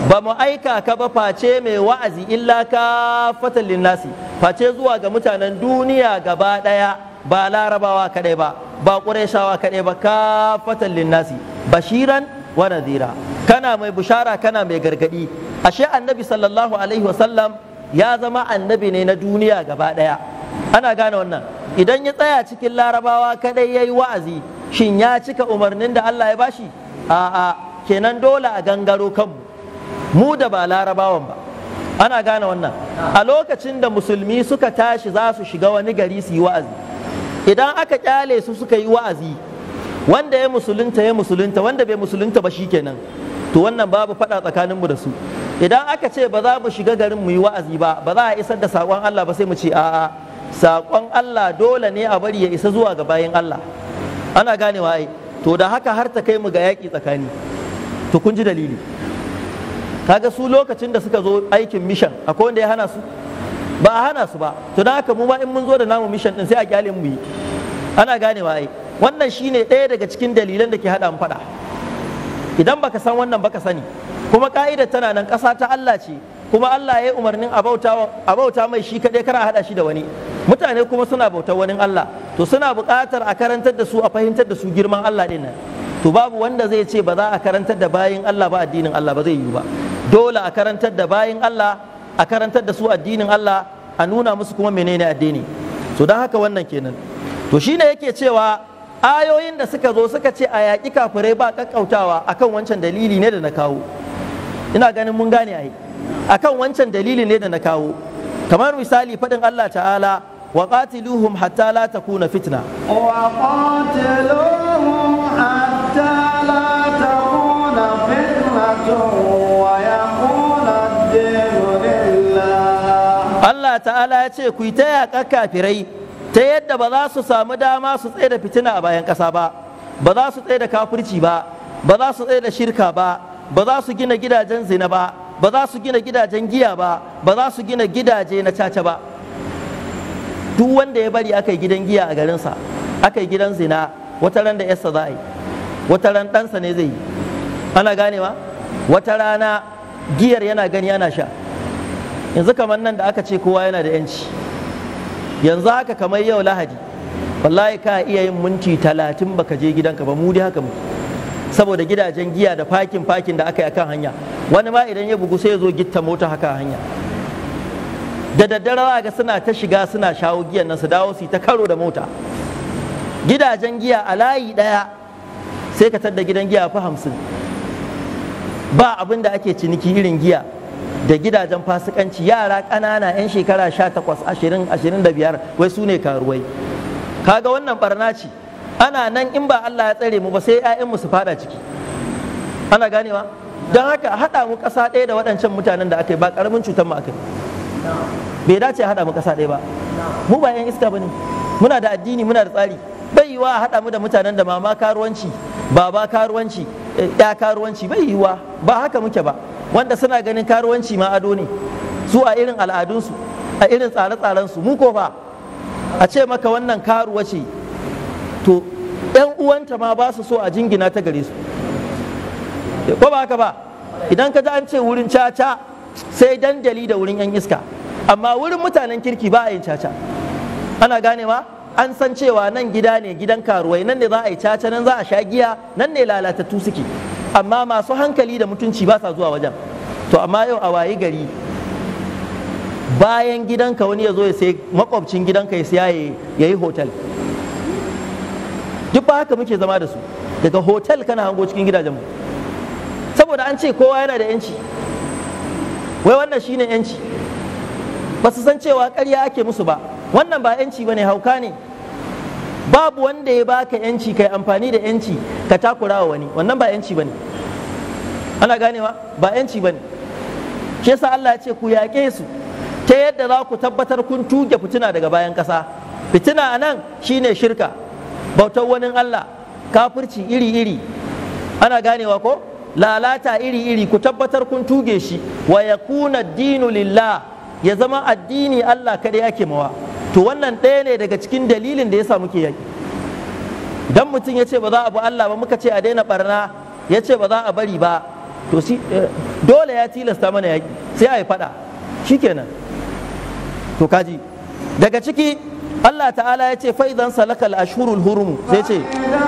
ba mu aika ka ba face mai wa'azi illa ka fatan linnasi face zuwa ga mutanen duniya gaba daya ba larabawa kadai ba ba ƙurayshawa kadai ba ka fatan linnasi bashiran wa nadira kana mai bushara kana mai gargadi ashe annabi sallallahu alaihi wasallam ya zama annabi ne na duniya gaba daya ana gane wannan idan ya tsaya cikin larabawa kadai ya yi wa'azi shin ya cika umarnin da Allah ya bashi a'a kenan dole a gangaro kanmu mu da ba larabawan ba ana gane wannan a lokacin da musulmi suka tashi za su shiga wani gari su yi wa'azi idan aka kyale su suka yi wa'azi wanda ya musulunta ya musulunta wanda bai musulunta ba kenan, to wannan babu faɗa tsakaninmu da su idan aka ce ba za mu shiga garin mu yi wa'azi ba ba za a isar da saƙon Allah ba sai mu ce a'a saƙon Allah dole ne a bari ya isa zuwa ga bayan Allah ana ganewa ai to da haka har ta kai mu ga yaƙi tsakani to kun ji dalili kaga su lokacin da suka zo aikin mishan akwai wanda ya hana su ba a hana su ba to da haka mu ma in mun zo da namu mishan din sai a gyale mu yi ana ganewa ai wannan shine ɗaya daga cikin dalilan da ke haɗa mu faɗa idan baka san wannan baka sani kuma ƙa'idar tana nan ƙasa ta Allah ce kuma Allah ya yi umarnin a bauta mai shi kaɗai kar a haɗa shi da wani mutane kuma suna bautar wani Allah to suna buƙatar a karantar da su a fahimtar da su girman Allah ɗin nan to babu wanda zai ce ba za a karantar da bayin Allah ba addinin Allah ba zai yi ba dole a karantar da bayin Allah a karantar da su addinin Allah a nuna musu kuma menene addini to don haka wannan kenan to shi ne yake cewa ayoyin da suka zo suka ce a yaƙi kafirai ba ƙaƙƙautawa akan wancan dalili ne da na kawo ina ganin mun gane ai akan wancan dalilin ne da na kawo kamar misali faɗin Allah ta'ala wa qatiluhum hatta la takuna fitna wa qatiluhum hatta la takuna fitnatun Allah ta'ala ya ce ku yi ta yaƙa kafirai ta yadda ba za su samu dama su tsaye da fitina a bayan ƙasa ba ba za su tsaye da kafirci ba ba za su tsaye da shirka ba ba za su gina gidajen zina ba ba za su gina gidajen giya ba ba za su gina gidaje na caca ba duk wanda ya bari aka yi gidan giya a garinsa aka yi gidan zina wata ran da yasa za a yi wata ran ɗansa ne zai yi ana gane ba wata rana giyar yana gani yana sha yanzu kamar nan da aka ce kowa yana da yanci yanzu haka kamar yau lahadi wallahi ka iya yin minti talatin baka je gidanka ba mu dai haka muke saboda gidajen giya da fakin fakin da aka yi akan hanya wani ma idan ya bugu sai ya zo gitta mota haka hanya da daddare ga suna ta shiga suna shawo giyan nan su dawo su ta karo da mota gidajen giya a layi ɗaya sai ka tadda gidan giya fa hamsin ba abin da ake ciniki irin giya da gidajen fasikanci yara ƙanana 'yan shekara 18 20 25 wai su ne karuwai kaga wannan barna ana nan in ba Allah ya tsare mu ba sai mu su fada ciki ana ganewa don haka haɗa mu ƙasa ɗaya da waɗancan mutanen da aka yi ba ƙaramin cutar mu aka yi bai dace a haɗa mu ƙasa ɗaya ba mu ba 'yan iska ba ne muna da addini muna da tsari bai yiwa a haɗa mu da mutanen da mama karuwanci baba karuwanci ya karuwanci bai yiwa ba haka muke ba wanda suna ganin karuwanci ma ado ne su a irin al'adunsu a irin tsare-tsarensu mu ko ba a ce maka wannan karuwa ce to yan uwanta ma ba su so a jingina ta gare su ko ba haka ba idan ka ji an ce wurin caca sai dandali da wurin yan iska amma wurin mutanen kirki ba a yin caca ana gane ma an san cewa nan gida ne gidan karuwai nan ne za a yi caca nan za a sha giya nan ne lalatattu suke amma masu hankali da mutunci ba sa zuwa wajen to amma yau a wayi gari bayan gidanka wani ya zo ya sai makwabcin gidanka ya siya ya yi hotel duk ba haka muke zama da su daga hotel kana hango cikin mu? saboda an ce kowa yana da yanci wai wannan shine yanci ba su san cewa karya ake musu ba wannan ba yanci ba ne hauka ne babu wanda ya baka yanci kai amfani da yanci ka takura wa wani wannan ba yanci ba ne ana ganewa ba yanci ba ne shi yasa Allah ya ce ku yaƙe su ta yadda za ku tabbatar kun tuge fitina daga bayan ƙasa fitina a nan shine shirka bautar wani Allah kafirci iri-iri ana ganewa ko lalata iri-iri ku tabbatar kun tuge shi wa ya kuna dinu lillah ya zama addini Allah kada ake mawa to wannan ɗaya ne daga cikin dalilin da ya sa muke yaki dan mutum ya ce ba za a bi Allah ba muka ce a daina barna ya ce ba za a bari ba to eh, dole ya tilasta mana yaki sai a yi faɗa shikenan to kaji daga ciki Allah ta'ala ya ce faizan salaka al-ashhurul hurum sai ce sai ya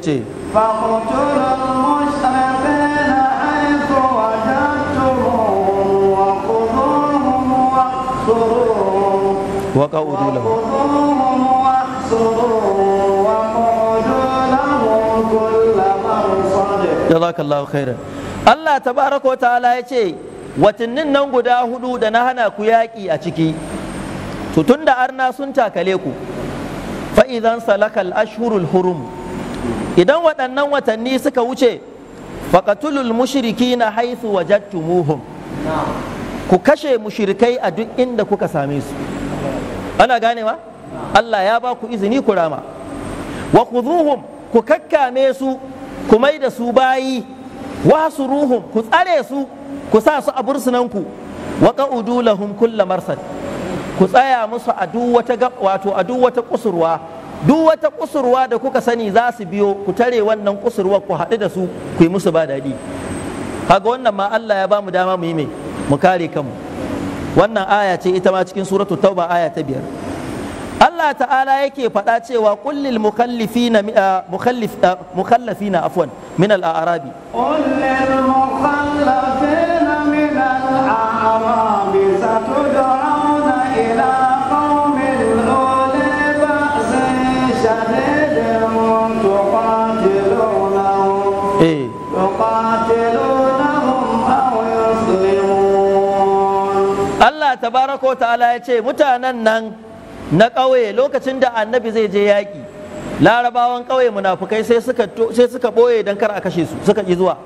ce وقعوا له jazakallahu khairan Allah tabaraka wa ta'ala ya ce watannin nan guda hudu da na hana ku yaƙi a ciki to tun da arna sun takale ku fa idan salakal ashhurul hurum idan waɗannan watanni suka wuce faqatulul mushrikina haythu wajadtumuhum ku kashe mushrikai a duk inda kuka same su ana ma. Allah ya ba ku izini ku rama wa khudhuhum ku kakkame su ku mai da su bayi wasu ruhu ku tsare su ku sa su a bursunanku wa qa'udu lahum kulla marsad ku tsaya musu a duk wata wato a duk wata kusurwa duk wata kusurwa da kuka sani za su biyo ku tare wannan kusurwar ku haɗu da su ku yi musu ba daɗi kaga wannan ma Allah ya ba mu dama mu yi mai mu kare kanmu wannan aya ce ita ma cikin suratul tauba aya ta biyar Allah ta'ala yake faɗa cewa kullil mukallifina mukallif mukallafina afwan min al-a'rabi kullil mukallafina min al-a'rabi satud'una ila qaumin uli ba'sin shadidin tuqatilunahum eh tuqatilunahum aw yuslimun Allah tabaraka wa ta'ala yace mutanen nan na ƙauye lokacin da annabi zai je yaƙi larabawan ƙauye munafukai sai suka ɓoye don kar a kashe su suka ƙi zuwa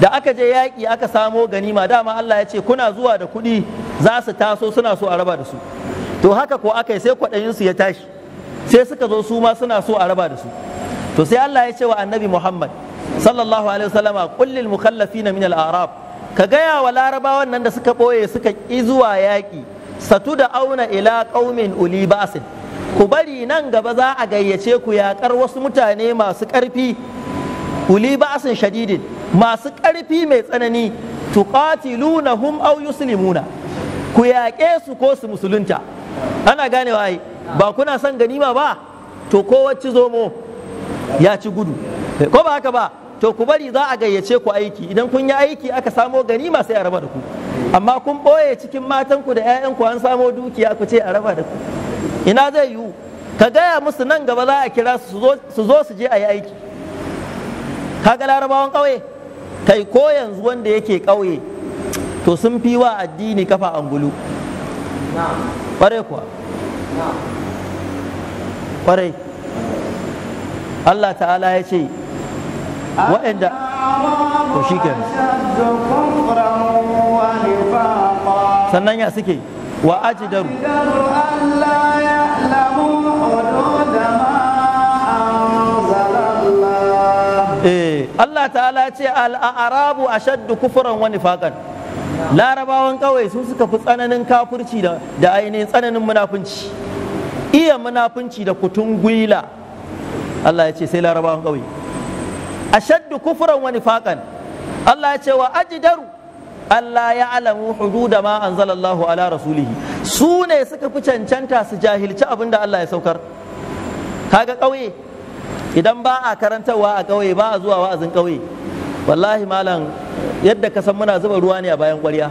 da aka je yaƙi aka samo ganima dama Allah ya ce kuna zuwa da kuɗi za su taso suna so a raba da su to haka ko aka yi sai kwaɗayinsu ya tashi sai suka zo su ma suna so a raba da su to sai Allah ya ce wa annabi Muhammad sallallahu alaihi wasallama kullil mukallafina min al-arab ka gaya wa larabawan nan da suka ɓoye suka ƙi zuwa yaƙi satu da auna ila ƙaumin uli basin ku bari nan gaba za a gayyace ku yaƙar wasu mutane masu ƙarfi uli basin shadidin masu ƙarfi mai tsanani tuqatilunahum aw yuslimuna ku yaƙe su ko su musulunta ana ganewa ai ba kuna son ganima ba to ko wacce zomo ya ci gudu ko ba haka ba to ku bari za a gayyace ku aiki idan kun yi aiki aka samo gani masu a raba da ku amma kun ɓoye cikin matanku da 'ya'yanku an samo dukiya ku ce a raba da ku ina zai yiwu ka gaya musu nan gaba za a kira su zo su je a yi aiki kaga larabawan ƙauye kai ko yanzu wanda yake ƙauye to sun fi wa addini kafa angulu ƙwarai kuwa ƙwarai Allah ta'ala ya ce waɗanda to shi sannan ya suke wa ajidaru eh, Allah ta'ala ce al'arabu a shaddu kufuran wani faƙan larabawan kawai su suka fi tsananin kafurci da ainihin tsananin munafunci iya munafunci da kutun gwila Allah ya ce sai larabawan kawai ashaddu kufran wa nifaqan Allah ya ce wa ajdaru Allah ya alamu hududa ma anzalallahu ala rasulihi su ne suka fi cancanta su jahilci abin da Allah ya saukar kaga ƙauye idan ba a karantarwa a kauye ba a zuwa wa'azin kauye wallahi malam yadda ka san muna zuba ruwa ne a bayan ƙwarya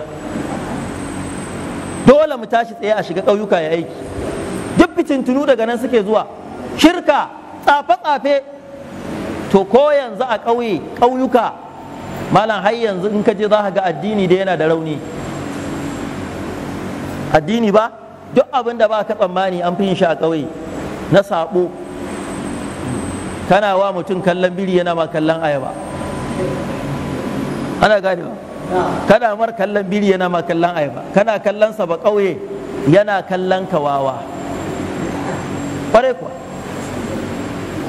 dole mu tashi tsaye a shiga ƙauyuka ya aiki duk fitintunu daga nan suke zuwa shirka tsafe-tsafe to ko yanzu a ƙauye ƙauyuka malam har yanzu in ka je za ka ga addini da yana da rauni addini ba duk abin da ba ka tsammani an fi yin shi a ƙauye na saɓo kana wa mutum kallon biri yana ma kallon ayaba ana gane ba kana mar kallon biri yana ma kallon ayaba kana kallon sa ba ƙauye yana kallon kawawa ƙwarai kuwa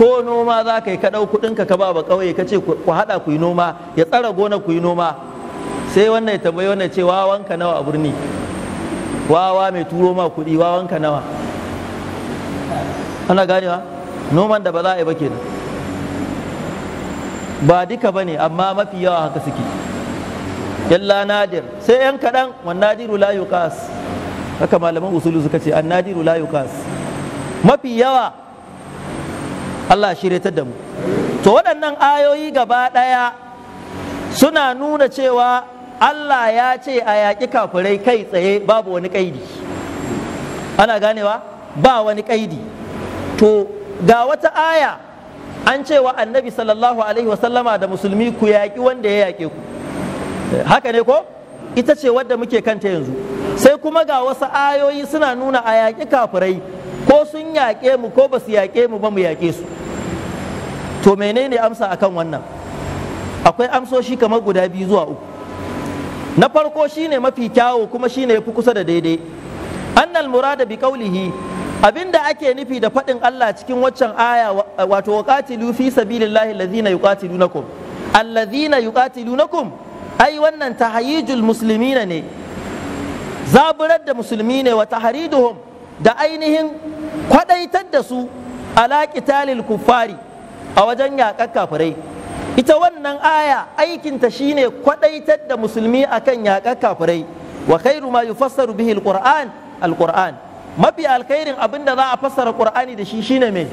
ko noma za ka yi ka ɗau kuɗinka ka ba ba ƙauye ka ce ku haɗa ku yi noma ya tsara gona ku yi noma sai wannan ya tambayi wannan ce wawanka nawa a birni wawa mai turo ma kuɗi wawanka nawa ana ganewa noman da ba za a yi ba kenan ba duka ba ne amma mafi yawa haka suke yalla nadir sai yan kaɗan wa nadiru la yuqas haka malaman usulu suka ce an nadiru la yuqas mafi yawa Allah shiryatar da mu to waɗannan ayoyi gaba ɗaya suna nuna cewa Allah ya ce a yaƙi kafirai kai tsaye babu wani ƙaidi ana ganewa ba wani ƙaidi to ga wata aya an cewa annabi sallallahu alaihi wasallama da musulmi ku yaƙi wanda ya yaƙe ku haka ne ko ita ce wadda muke kanta yanzu sai kuma ga wasu ayoyi suna nuna a yaƙi kafirai ko sun yaƙe mu ko ba su yaƙe mu ba mu yaƙe su to menene amsa akan wannan akwai amsoshi kamar guda biyu zuwa uku na farko shine mafi kyawo kuma shine fi kusa da daidai annal murada bi kaulihi abinda ake nufi da faɗin Allah cikin waccan aya wato waqatilu fi sabilillahi allazina yuqatilunakum allazina yuqatilunakum ai wannan tahayyijul muslimina ne zaburar da musulmi ne wa tahriduhum da ainihin kwadaitar da su ala qitalil kuffari a wajen yaƙar kafirai ita wannan aya aikinta shine kwadaitar da musulmi akan yaƙar kafirai wa khairu ma yufassaru bihi alquran alquran mafi alkhairin abinda za a fassara qur'ani da shi shine me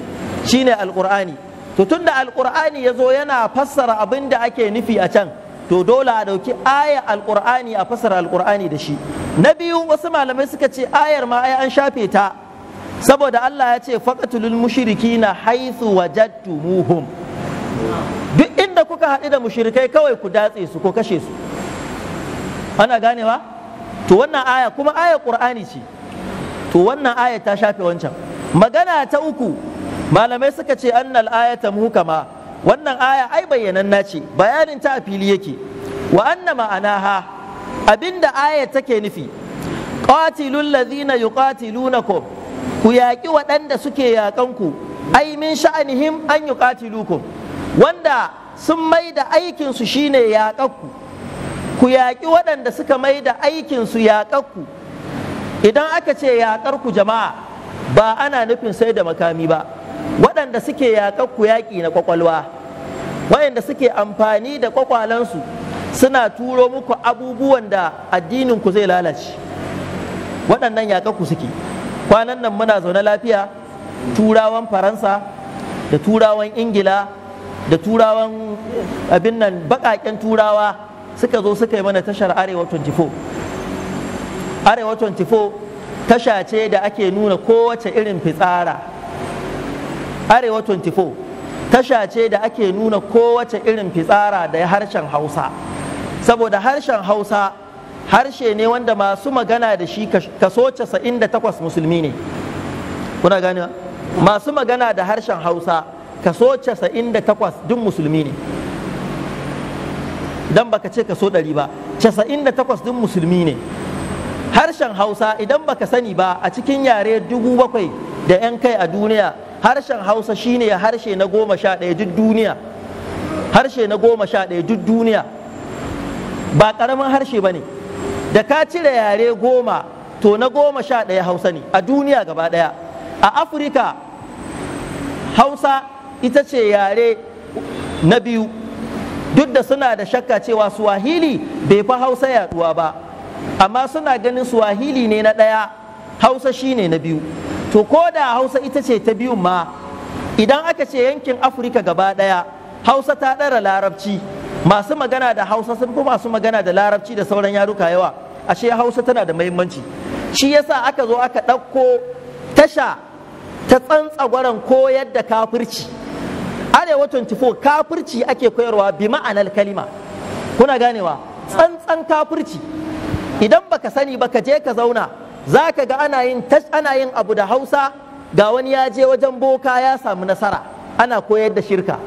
shine alqur'ani to tunda alqur'ani yazo yana fassara abinda ake nufi a can to dole a dauki aya alqur'ani a fassara alqur'ani da shi na biyu wasu malamai suka ce ayar ma ai an shafe ta saboda Allah ya ce faqatulul mushrikina haythu wajadtumuhum duk inda kuka haɗu da mushrikai kawai ku datse su ko kashe su ana ganewa to wannan aya kuma aya qur'ani ce to wannan aya ta shafe wancan magana ta uku malamai suka ce annal ayata muhkama wannan aya ai bayyananna ce bayanin ta a fili yake wa anna ma'anaha abinda aya take nufi qatilul ladhina yuqatilunakum ku yaƙi waɗanda suke yaƙanku ai min sha'anihim an yi yuqatilukum wanda sun mai da aikinsu shine yaƙakku ku yaƙi waɗanda suka mai da aikinsu yaƙakku idan aka ce yaƙarku jama'a ba ana nufin sai da makami ba waɗanda suke yaƙakku yaƙi na ƙwaƙwalwa waɗanda suke amfani da ƙwaƙwalansu suna turo muku abubuwan da addininku zai lalace waɗannan yaƙakku suke kwanan nan muna zaune lafiya turawan faransa da turawan ingila da turawan abin nan baƙaƙen turawa suka zo suka yi mana tashar arewa 24 arewa 24 tasha ce da ake nuna kowace irin fitsara arewa 24 tasha ce da ake nuna kowace irin fitsara da harshen hausa saboda harshen hausa harshe ne wanda masu magana da shi kaso 98 musulmi ne kuna gani masu magana da harshen hausa kaso 98 duk musulmi ne dan baka ce kaso 100 ba 98 duk musulmi ne harshen hausa idan baka sani ba a cikin yare dubu bakwai da 'yan kai a duniya harshen hausa shine harshe na goma sha ɗaya duk duniya harshe na goma sha ɗaya duk duniya ba ƙaramin harshe ba ne da ka cire yare goma to na goma sha ɗaya hausa ne a duniya gaba ɗaya a afirka hausa ita ce yare na biyu duk da suna da shakka cewa swahili bai fi hausa yaduwa ba amma suna ganin swahili ne na ɗaya hausa shine na biyu to ko da hausa ita ce ta biyun ma idan aka ce yankin afirka gaba ɗaya hausa ta ɗara larabci masu magana da hausa sun fi masu magana da larabci da sauran yaruka yawa ashe hausa tana da mahimmanci shi yasa aka zo aka ɗauko tasha ta tsantsagwaron koyar da kafirci arewa 24 kafirci ake koyarwa bi ma'anar kalima kuna ganewa tsantsan kafirci idan baka sani ba ka je ka zauna za ka ga ana yin ana yin abu da hausa ga wani ya je wajen boka ya samu nasara ana koyar da shirka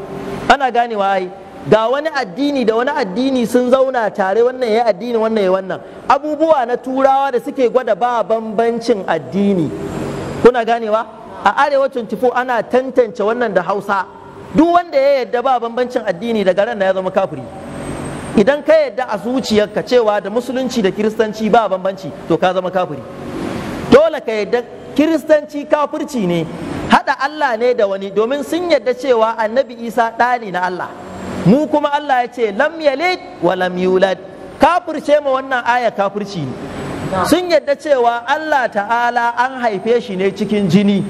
ana ganewa ai ga wani addini da wani addini sun zauna tare wannan ya addini wannan ya wannan abubuwa na turawa da suke gwada ba bambancin addini kuna ganewa a arewa 24 ana tantance wannan da hausa duk wanda ya yadda ba bambancin addini daga ran ya zama kafiri idan ka yadda a zuciyarka cewa da musulunci da kiristanci ba bambanci to ka zama kafiri dole ka yadda kiristanci kafirci ne hada Allah ne da wani domin sun yadda cewa annabi isa ɗani na Allah mu kuma Allah ya ce lam yalid wa lam yulad kafirce ma wannan aya kafirci ne sun yadda cewa Allah ta'ala an haife shi ne cikin jini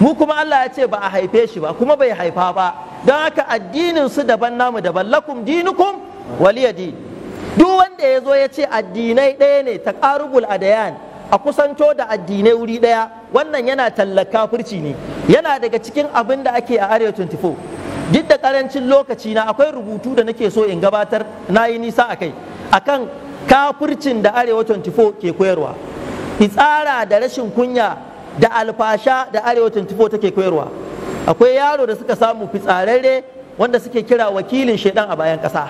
mu kuma Allah ya ce ba a haife shi ba kuma bai haifa ba don haka addinin su daban namu daban lakum dinukum waliyadi duk wanda ya zo ya ce addinai ɗaya ne ta ƙarubul adayan a kusanto da addinai wuri ɗaya wannan yana tallaka kafirci ne yana daga cikin abin da ake a arewa 24 duk da karancin lokaci na akwai rubutu da nake so in gabatar na yi nisa a kai akan kafircin da arewa 24 ke koyarwa fitsara da rashin kunya da alfasha da arewa 24 take koyarwa akwai yaro da suka samu fitsararre wanda suke kira wakilin shaidan a bayan kasa.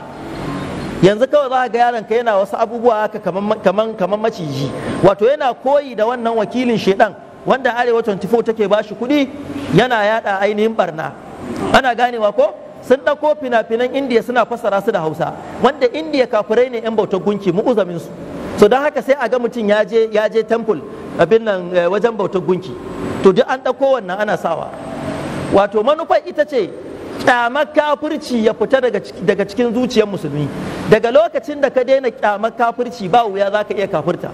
yanzu kawai za ga yaron ka yana wasu abubuwa haka kaman kaman maciji wato yana koyi da wannan wakilin shaidan wanda arewa 24 take bashi kuɗi yana yada ainihin barna ana ganewa ko sun ɗauko fina-finan indiya suna fassara su da hausa wanda indiya kafirai ne 'yan bautar gunki mu uzamin su so don haka sai a ga mutum ya je ya je temple abin nan eh, wajen bautar gunki to duk an ɗauko wannan ana sawa wato manufar ita ce kyamar kafirci ya fita daga cikin zuciyar musulmi daga lokacin da ka daina kyamar kafirci ba wuya za ka iya kafirta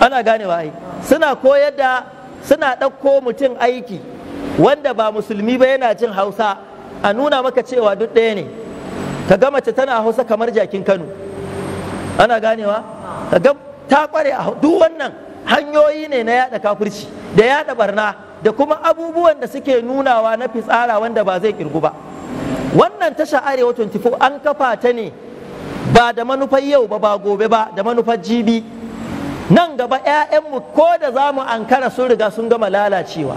ana ganewa ai suna koyar da suna ɗauko mutum aiki wanda ba musulmi ba yana jin hausa a nuna maka cewa duk ɗaya ne ka ga mace tana hausa kamar jakin kano ana ganewa ka ga ta kware a duk wannan hanyoyi ne na yada kafirci da yada barna da kuma abubuwan da suke nunawa na fitsara wanda ba zai kirgu ba wannan tasha arewa 24 an kafa ta ne ba da manufar yau ba ba gobe ba da manufar jibi nan gaba 'ya'yanmu ko da za mu ankara sun riga sun gama lalacewa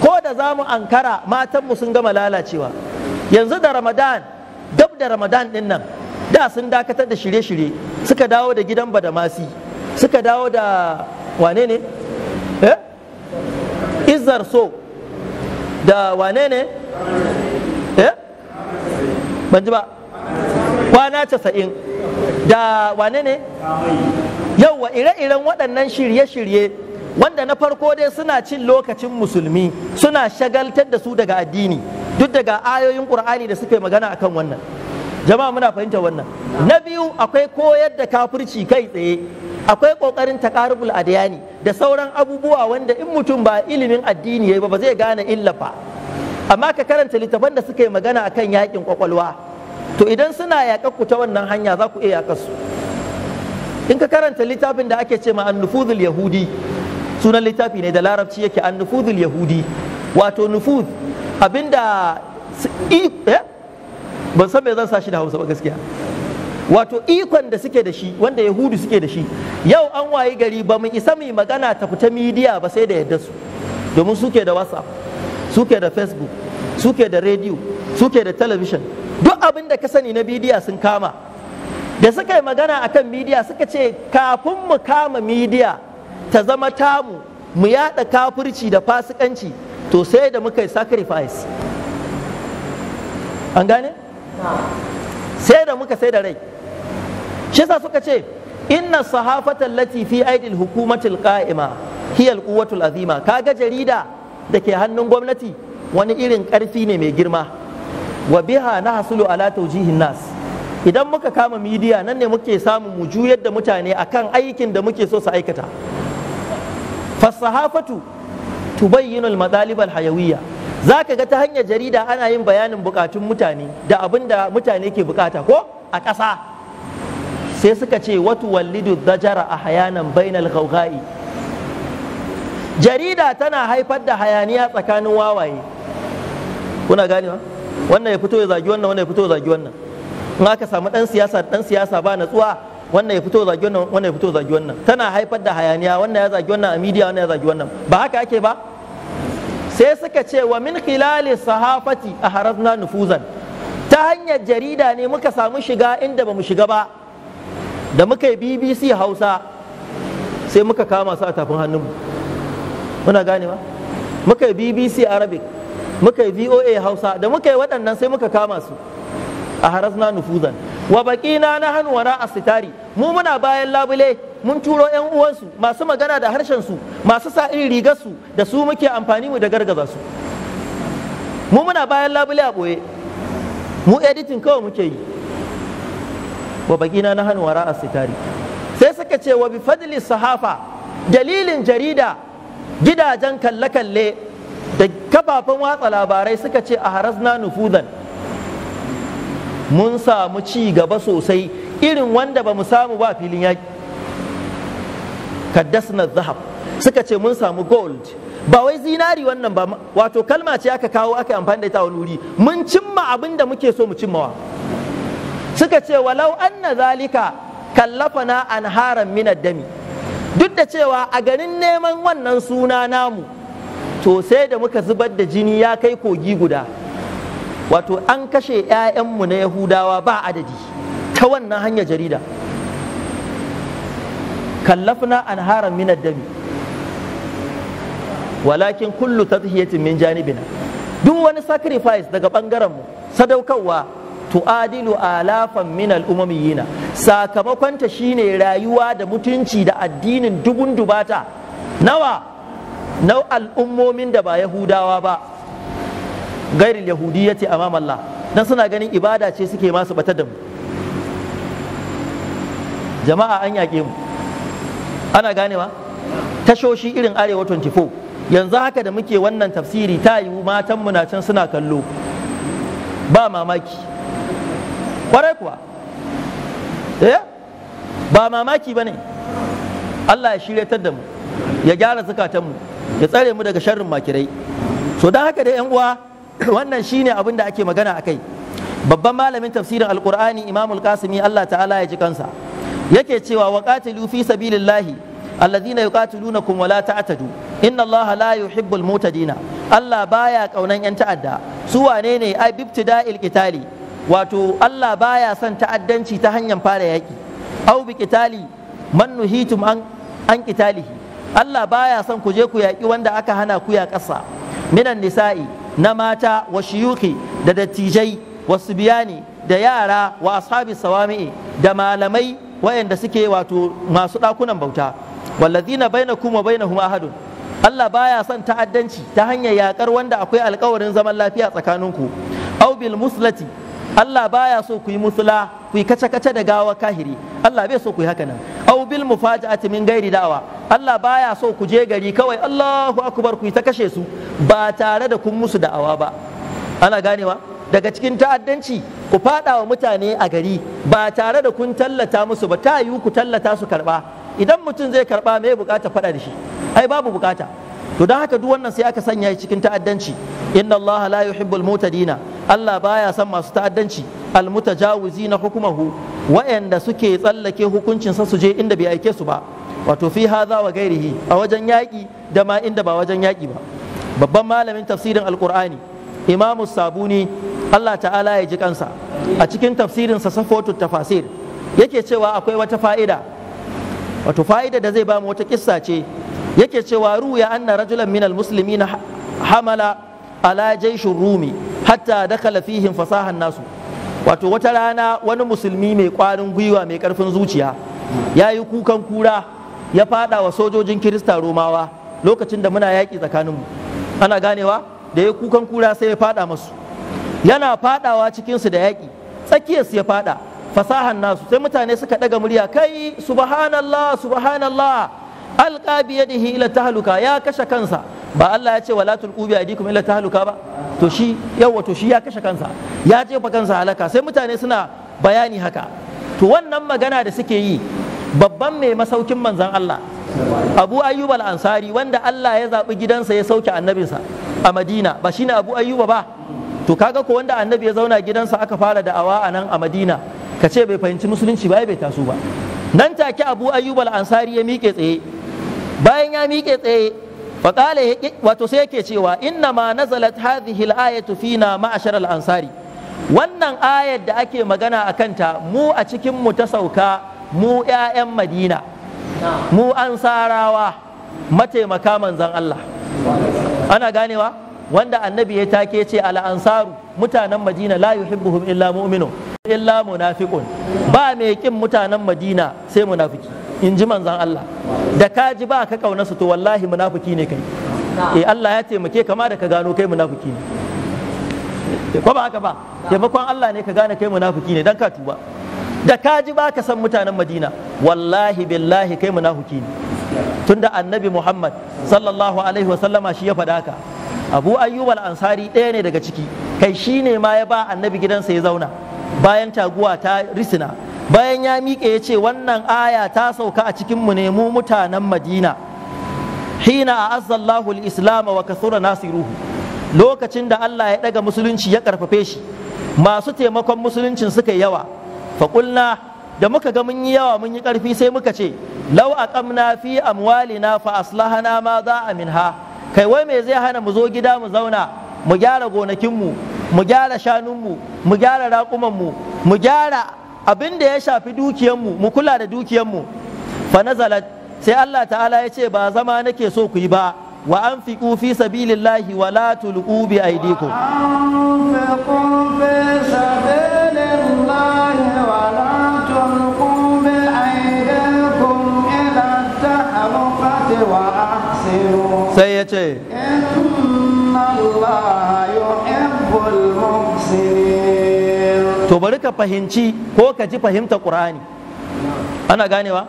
ko da za mu ankara matanmu sun gama lalacewa yanzu da ramadan dab da ramadan din nan da sun dakatar da shirye-shirye suka dawo da gidan badamasi suka dawo da wane ne eh izar so da wane ne eh ban ji ba kwana casa'in da wane ne yauwa ire-iren waɗannan shirye-shirye wanda na farko dai suna cin lokacin musulmi suna shagaltar da su daga addini duk daga ayoyin qur'ani da suka yi magana akan wannan jama'a muna fahimta wannan na biyu akwai koyar da kafirci kai tsaye akwai kokarin taqarubul adyani da sauran abubuwa wanda in mutum ba ilimin addini yayi ba ba zai gane illa ba amma ka karanta littafan da suka yi magana akan yakin kwakwalwa to idan suna yaƙa ku ta wannan hanya za ku iya yaƙa su in ka karanta littafin da ake ce ma nufuzul yahudi sunan littafi ne da larabci yake an nufuzul yahudi wato nufuz abinda eh? ban san me zan sa shi da hausa ba gaskiya wato ikon da suke da shi wanda yahudu suke da shi yau an wayi gari ba mu isa mu magana ta fita midiya ba sai da yadda su domin suke da whatsapp suke da facebook suke da radio suke da television duk abin da ka sani na midiya sun kama da suka yi magana akan midiya suka ce kafin mu kama midiya ta zama tamu mu yada kafirci da fasikanci to sai da muka yi sacrifice an gane sai da muka sai da rai shi suka ce inna sahafata latifi fi aidil hukumatil qa'ima hiya alquwwatul azima kaga jarida da ke hannun gwamnati wani irin karfi ne mai girma wa biha nahsulu ala tawjihin nas idan muka kama midiya nan ne muke samun mu juyar da mutane akan aikin da muke so su aikata fasahafatu tubayyinu al-madalib al-hayawiyya zaka ga ta hanyar jarida ana yin bayanin bukatun mutane da abin da mutane ke bukata ko a ƙasa sai suka ce watu wallidu dajara a hayanan bainal gauga'i jarida tana haifar da hayaniya tsakanin wawaye kuna gane ganewa wannan ya fito ya zagi wannan wannan ya fito ya zagi wannan in aka samu dan siyasa dan siyasa ba natsuwa wannan ya fito zagi wannan wannan ya fito zagi wannan tana haifar da hayaniya wannan ya zagi wannan a media wannan ya zagi wannan ba haka ake ba sai suka ce wa min khilali sahafati a nufuzan ta hanyar jarida ne muka samu shiga inda ba mu shiga ba da muka yi bbc hausa sai muka kama su a tafin hannun muna gane ba muka yi bbc arabic muka yi voa hausa da muka yi waɗannan sai muka kama su a harasna nufuzan wa na hannu wa na asitari mu muna bayan labule mun turo yan uwansu masu magana da harshen su masu sa irin rigar su da su muke amfani mu da gargaza su mu muna bayan labule a boye mu editin kawai muke yi wa na hannu wa ra'a sitari sai suka ce wa bi fadli sahafa dalilin jarida gidajen kalle-kalle da kafafen watsa labarai suka ce a harazna nufudan mun samu ci gaba sosai irin wanda ba mu samu ba filin yaƙi kaddasna zahab suka ce mun samu gold ba wai zinari wannan ba wato kalma ce aka kawo aka amfani da ita wani wuri mun cimma abin da muke so mu cimmawa suka ce walau anna zalika kallafana anharan minad dami duk da cewa a ganin neman wannan suna namu to sai da muka zubar da jini ya kai kogi guda wato an kashe 'ya'yanmu na yahudawa ba adadi ta wannan hanyar jarida kallafna an haram min dami walakin kullu tadhiyatin min janibina duk wani sacrifice daga bangaren mu sadaukarwa tu'adilu alafan min al'umamiyina sakamakonta shine rayuwa da mutunci da addinin dubun dubata nawa na al'ummomin da ba yahudawa ba ya yahudiyyati amam Allah dan suna ganin ibada ce suke masu bata da mu jama'a an yaƙe mu ana gane ba tashoshi irin arewa 24 yanzu haka da muke wannan tafsiri ta yi matan na can suna kallo ba mamaki kwarai kuwa eh ba mamaki bane Allah ya shiryatar da mu ya gyara zukatanmu ya tsare mu daga sharrin makirai so don haka da 'yan uwa wannan shine abin da ake magana akai babban malamin tafsirin alqur'ani imamul qasimi Allah ta'ala ya ji kansa yake cewa wa qatilu fi sabilillahi alladhina yuqatilunakum wa la ta'tadu inna Allah la yuhibbul mutadina Allah baya kaunan yan ta'adda su wane ne ai bibtida'il qitali wato Allah baya son ta'addanci ta hanyar fara yaki au bi qitali man nuhitum an an qitalihi Allah baya son ku je ku yaki wanda aka hana ku ya ƙasa minan nisa'i na mata wa shiyuki da dattijai wa biyani da yara wa ashabi sawami'i da malamai wayanda suke wato masu ɗakunan bauta wallazina bainakum wa bainahum ahadun Allah baya son ta'addanci ta hanyar yakar wanda akwai alkawarin zaman lafiya tsakaninku au bil muslati Allah baya so ku yi musula ku yi kace-kace da gawa kahiri Allah bai so ku yi haka nan au bil mufaja'ati min gairi da'awa Allah baya so ku je gari kawai Allahu akbar ku yi ta kashe su ba tare da kun musu da'awa ba ana ganewa daga cikin ta'addanci ku fada wa mutane a gari ba tare da kun tallata musu ba ta yiwu ku tallata su karba idan mutum zai karba me bukata fada da shi ai babu bukata to don haka duk wannan sai aka sanya shi cikin ta'addanci inna allaha la yuhibbul mutadina Allah baya son masu ta'addanci al mutajawizina hukumahu wa'anda suke tsallake hukuncin sa su je inda bai aike su ba wato fi hadha wa gairihi a wajen yaƙi da ma inda ba wajen yaƙi ba babban malamin tafsirin alqur'ani imamu sabuni Allah ta'ala ya ji kansa a cikin tafsirin sa safotu tafasir yake cewa akwai wata fa'ida wato fa'ida da zai ba mu wata kissa ce yake cewa ruya anna rajulan minal muslimina hamala ala jaishin rumi hatta dakala fihim fasahan nasu wato wata rana wani musulmi mai kwarin gwiwa mai karfin zuciya ya yi kukan kura ya fada wa sojojin kirista romawa lokacin da muna yaƙi tsakaninmu ana ganewa da ya kukan kura sai ya fada masu yana fadawa cikinsu da yaƙi tsakiyarsu ya fada fasahan nasu sai mutane suka daga murya kai subhanallah subhanallah alqa bi yadihi ila tahluka ya kashe kansa ba Allah ya ce wala tulqu bi aydikum ila tahluka ba to shi yawa to shi ya kashe kansa ya jefa kansa halaka sai mutane suna bayani haka to wannan magana da suke yi babban mai masaukin manzan Allah Abu Ayyub al-Ansari wanda Allah ya zaɓi gidansa ya sauke annabinsa a Madina ba shine Abu Ayyuba ba to kaga ko wanda annabi ya zauna gidansa aka fara da'awa a nan a Madina ka ce bai fahimci musulunci ba bai taso ba nan take abu ayyub al-ansari ya miƙe tsaye bayan ya miƙe tsaye wa qala wato sai yake cewa inna ma nazalat hadhihi al-ayatu fina ma'ashar al-ansari wannan ayar da ake magana a kanta mu a cikin mu ta sauka mu 'ya'yan madina mu ansarawa mataimaka manzan Allah ana ganewa wanda annabi ya take ce al-ansaru mutanen madina la yuhibbuhum illa mu'minun illa munafiqun ba mai kin mutanen madina sai munafiki in ji manzon Allah da ka ji ba ka kauna su to wallahi munafiki ne kai eh Allah ya taimake kama da ka gano kai munafiki ne ko ba haka ba taimakon Allah ne ka gane kai munafiki ne dan ka tuba da ka ji ba ka san mutanen madina wallahi billahi kai munafiki ne tunda annabi Muhammad sallallahu alaihi wasallama shi ya faɗa haka abu ayyub al-ansari ɗaya ne daga ciki kai shi ne ma ya ba annabi gidansa ya zauna bayan taguwa ta risina bayan ya miƙe ya ce wannan aya ta sauka a cikin mu ne mu mutanen madina hina a azzallahu al-islam wa kasura nasiruhu lokacin da Allah ya ɗaga musulunci ya karfafe shi masu taimakon musuluncin suka yi yawa faƙulna da muka ga mun yi yawa mun yi ƙarfi sai muka ce lau aqamna fi amwalina fa aslahana ma za a minha kai wai me zai hana mu zo gida mu zauna mu gyara gonakin mu mu gyara shanun mu mu gyara raƙuman mu mu gyara abin da ya shafi dukiyanmu mu kula da dukiyanmu fa nazala sai Allah ta'ala ya ce ba zama nake so ku yi ba wa an fi sabilillahi wa la tulqu bi aydikum fi sabilillahi wa la sai ya ce to bari ka fahimci ko ka ji fahimta ƙur'ani ana ganewa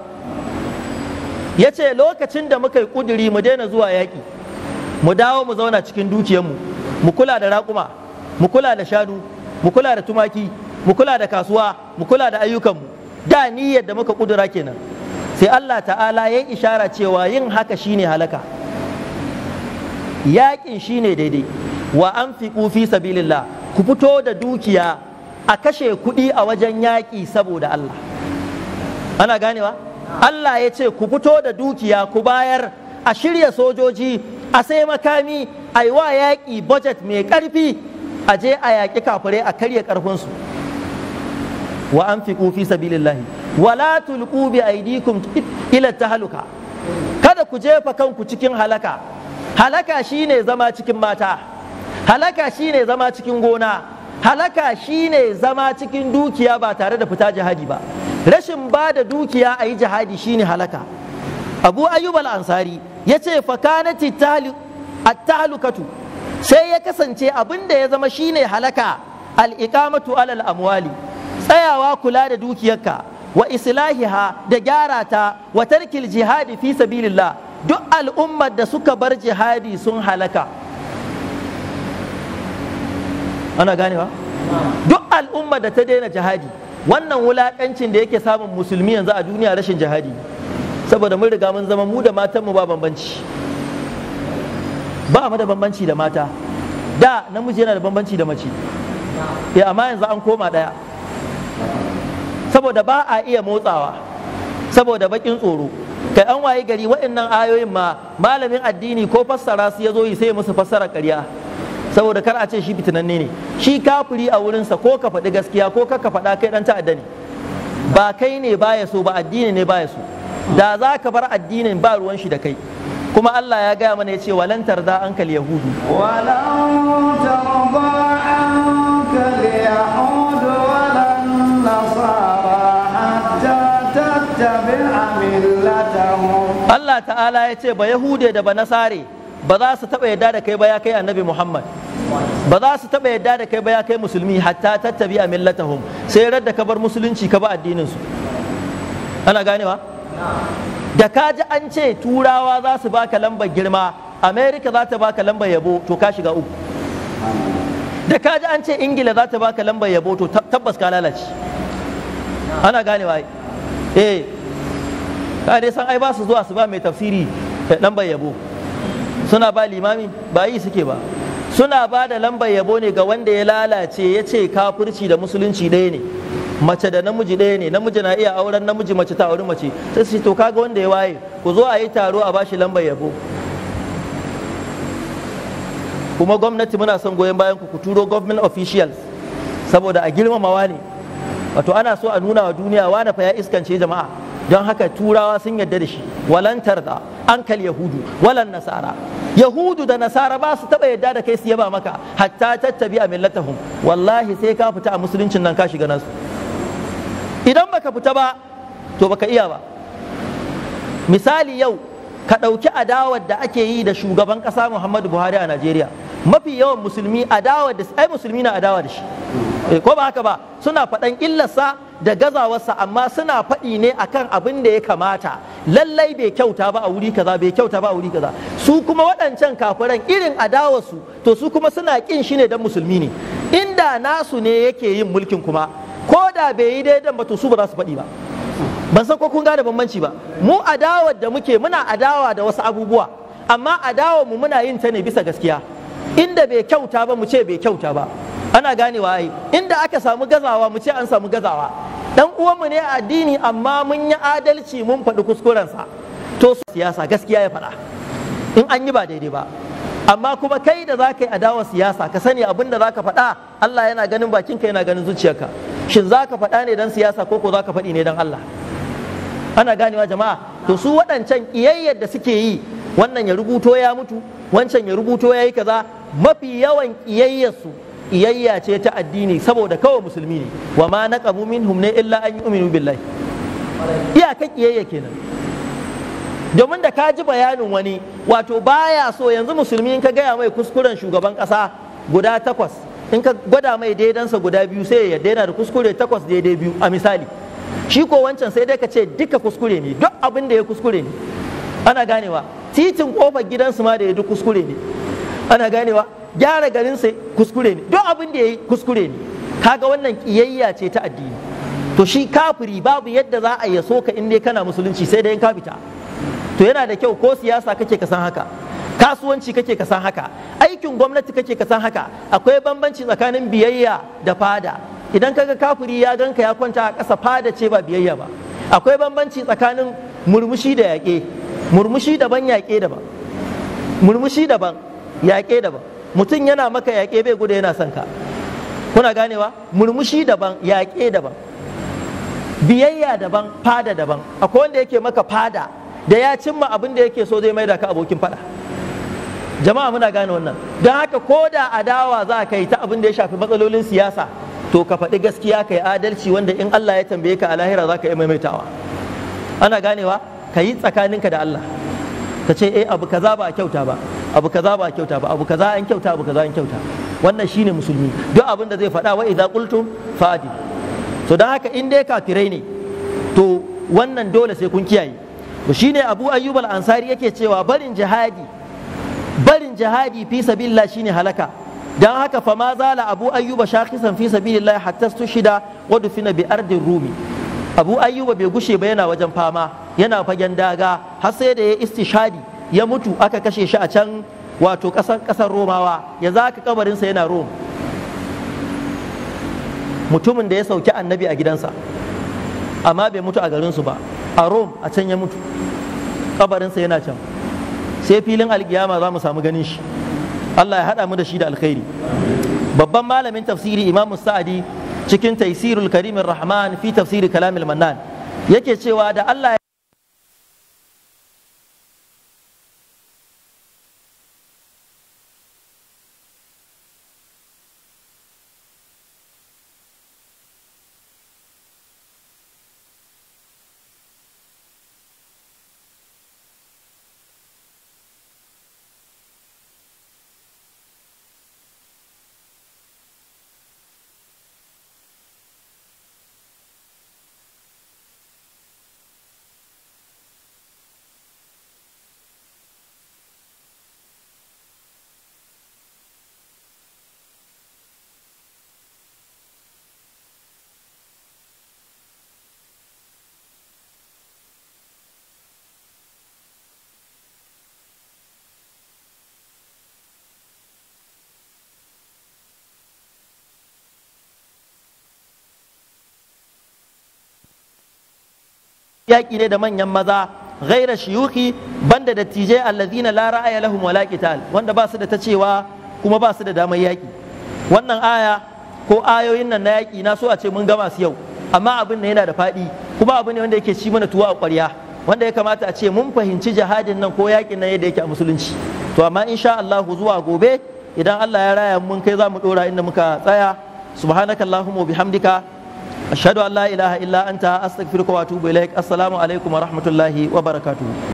ya ce lokacin da muka yi ƙuduri mu daina zuwa yaƙi mu dawo mu zauna cikin dukiyarmu mu kula da raƙuma mu kula da shanu mu kula da tumaki mu kula da kasuwa mu kula da ayyukanmu da niyyar da muka ƙudura kenan sai Allah ta'ala ya ishara cewa yin haka shine halaka yakin shine daidai wa an fi sabilillah ku fito da dukiya a kashe kuɗi a wajen yaƙi saboda Allah ana ganewa Allah ya ce ku fito da dukiya ku bayar a shirya sojoji a sai makami a yi wa yaƙi budget mai ƙarfi a je a yaƙi kafure a karya ƙarfinsu wa an fi ƙufi sabilillah wa la tulqu bi aydikum ila tahluka kada ku jefa kanku cikin halaka halaka shine zama cikin mata halaka shine zama cikin gona halaka shine zama cikin dukiya ba tare da fita jihadi ba rashin ba da dukiya a yi jihadi shine halaka abu ayyub al-ansari ya ce fakanati at sai ya kasance abin da ya zama shine halaka al-iqamatu alal amwali tsayawa kula da dukiyarka wa islahiha da gyara ta wa tarkil jihadi fi sabilillah duk al'ummar da suka bar jihadi sun halaka ana gane ba duk al'ummar da ta daina jihadi wannan wulakancin da yake samun musulmi yanzu a duniya rashin jihadi saboda mun riga mun zama mu da matan mu ba bambanci ba mu da bambanci da mata da namiji yana da bambanci da mace ya eh, amma yanzu an koma ɗaya saboda ba a iya motsawa saboda baƙin tsoro kai an waye gari waɗannan ayoyin ma malamin addini ko fassara su ya zo yi sai musu fassara ƙarya saboda kar a ce shi fitinanne ne shi kafiri a wurinsa ko ka faɗi gaskiya ko ka faɗa kai ɗan ta'adda ne ba kai ne ba ya so ba addini ne ba ya so da za ka bar addinin ba ruwan shi da kai kuma Allah ya gaya mana ya ce walantar da ankal yahudu walantar Allah ta'ala ya ce ba yahude da ba nasare ba za su taɓa yadda da kai ba ya kai annabi muhammad ba za su taɓa yadda da kai ba ya kai musulmi hatta tattabi a millatahum sai radda ka bar musulunci ka ba addinin su ana ba? da ka ji an ce turawa za su baka lambar girma amerika za ta baka lambar yabo to ka shiga uku da ka ji an ce ingila za ta baka lambar yabo to tabbas ka lalace ana ganewa eh ka dai san ai ba su zuwa su ba mai tafsiri dan yabo suna ba limami ba yi suke ba suna ba da lambar yabo ne ga wanda ya lalace ya ce kafirci da musulunci ɗaya ne mace da namiji ɗaya ne namiji na iya auren namiji mace ta auri mace sai su to kaga wanda ya waye ku zo a yi taro a bashi lambar yabo kuma gwamnati muna son goyon bayan ku ku turo government officials saboda a girmamawa ne wato ana so a nuna wa duniya wane fa ya iskance jama'a don haka turawa sun yarda da shi walantar da ankal yahudu walan nasara yahudu da nasara ba su taba yarda da kai su yaba maka hatta tattabi a millatahum wallahi sai ka fita a musuluncin nan ka shiga nasu idan baka fita ba to baka iya ba misali yau ka ɗauki adawar da ake yi da shugaban ƙasa muhammadu buhari a najeriya mafi yawan musulmi adawar da ai musulmi na adawa da shi eh, ko ba haka ba suna faɗan illarsa da gazawarsa amma suna faɗi ne akan abin da ya kamata lallai bai kyauta ba a wuri kaza bai kyauta ba a wuri kaza su kuma waɗancan kafiran irin adawarsu to su kuma suna ƙin shi ne don musulmi ne inda nasu ne yake yin mulkin kuma ko da bai yi daidan ba to su ba za su faɗi ba ban san ko kun gane bambanci ba mu adawar da muke muna adawa da wasu abubuwa amma adawar mu muna yin ta ne bisa gaskiya inda bai kyauta ba mu ce bai kyauta ba ana ganewa ai inda aka samu gazawa mu ce an samu gazawa dan uwanmu ne a addini amma mun yi adalci mun faɗi kuskurensa to siyasa gaskiya ya faɗa in an yi ba daidai ba amma kuma kai da za ka yi adawar siyasa ka sani abin da za ka faɗa Allah yana ganin bakinka yana ganin zuciyarka shin za ka faɗa ne dan siyasa ko ko za ka faɗi ne dan Allah ana ganewa jama'a to su waɗancan ƙiyayyar da suke yi wannan ya rubuto ya mutu wancan ya rubuto ya yi kaza mafi yawan su ƙiyayya ce ta addini saboda kawai musulmi ne wa ma naqamu minhum ne illa an yu'minu billahi iyakan ƙiyayya kenan domin da ka ji bayanin wani wato baya so yanzu musulmi in ka gaya mai kuskuren shugaban ƙasa guda takwas in ka gwada mai daidansa guda biyu sai ya daina da kuskure takwas daidai biyu a misali shi ko wancan sai dai ka ce duka kuskure ne duk abin da ya kuskure ne ana ganewa titin kofar gidansu ma da ya duk kuskure ne ana ganewa gyara garin sai kuskure ne duk abin da ya yi kuskure ne kaga wannan kiyayya ce ta addini to shi kafiri babu yadda za a yaso ka in dai kana musulunci sai dai in ka fita to yana da kyau ko siyasa kake ka san haka kasuwanci kake ka san haka aikin gwamnati kake ka san haka akwai bambanci tsakanin biyayya da fada idan kaga kafiri ya ganka ya kwanta a ƙasa fada ce ba biyayya ba akwai bambanci tsakanin murmushi da yaƙe murmushi daban yaƙe daban murmushi daban yaƙe daban mutum yana maka yaƙe bai gudu yana son ka kuna ganewa murmushi daban yaƙe daban biyayya daban fada daban akwai wanda yake maka fada da ya cimma abin da yake so zai maida ka abokin fada jama'a muna gane wannan don haka ko da adawa za kai kai ta abin da ya shafi matsalolin siyasa to ka faɗi gaskiya ka yi adalci wanda in Allah ya tambaye ka a lahira za ka yi maimaitawa ana ganewa ka yi tsakaninka da Allah ka ce eh abu kaza ba a kyauta ba abu kaza ba a kyauta ba abu kaza an kyauta abu kaza an kyauta wannan shine musulmi duk abin da zai faɗa wa idza qultum fa'adi to dan haka in dai kafirai ne to wannan dole sai kun kiyaye to shine Abu Ayyub al-Ansari yake cewa barin jihadi barin jihadi fi sabilillah shine halaka dan haka fa ma zala abu ayyuba shakisan fi sabilillahi hatta tushida wa dufina bi ardin rumi abu ayyuba bai gushe ba yana wajen fama yana fagen daga har sai da ya istishadi ya mutu aka kashe shi a can wato ƙasar kasar romawa Ya zaka kabarin sa yana rom mutumin da ya sauki annabi a gidansa amma bai mutu a garinsu ba a rom a can ya mutu sa yana can sai filin alkiyama za mu samu ganin shi Allah ya haɗa mu da shi da alkhairi babban malamin tafsiri imamu sa'adi cikin taisirul karimin rahman fi tafsiri kalamil mannan yake cewa da Allah yaƙi ne da manyan maza ghaira shiyuki banda dattijai allazina la ra'aya lahum wala qital wanda ba su da ta cewa kuma ba su da damar yaƙi wannan aya ko ayoyin nan na yaƙi na so a ce mun gama su yau amma abin nan yana da faɗi kuma abu ne wanda yake ci mana tuwa a ƙwarya wanda ya kamata a ce mun fahimci jihadin nan ko yaƙin nan yadda yake a musulunci to amma insha Allah zuwa gobe idan Allah ya raya mun kai za mu ɗora inda muka tsaya subhanakallahumma bihamdika ashhadu an la ilaha illa anta astaghfiruka wa atubu ilaik assalamu alaikum wa rahmatullahi wa barakatu.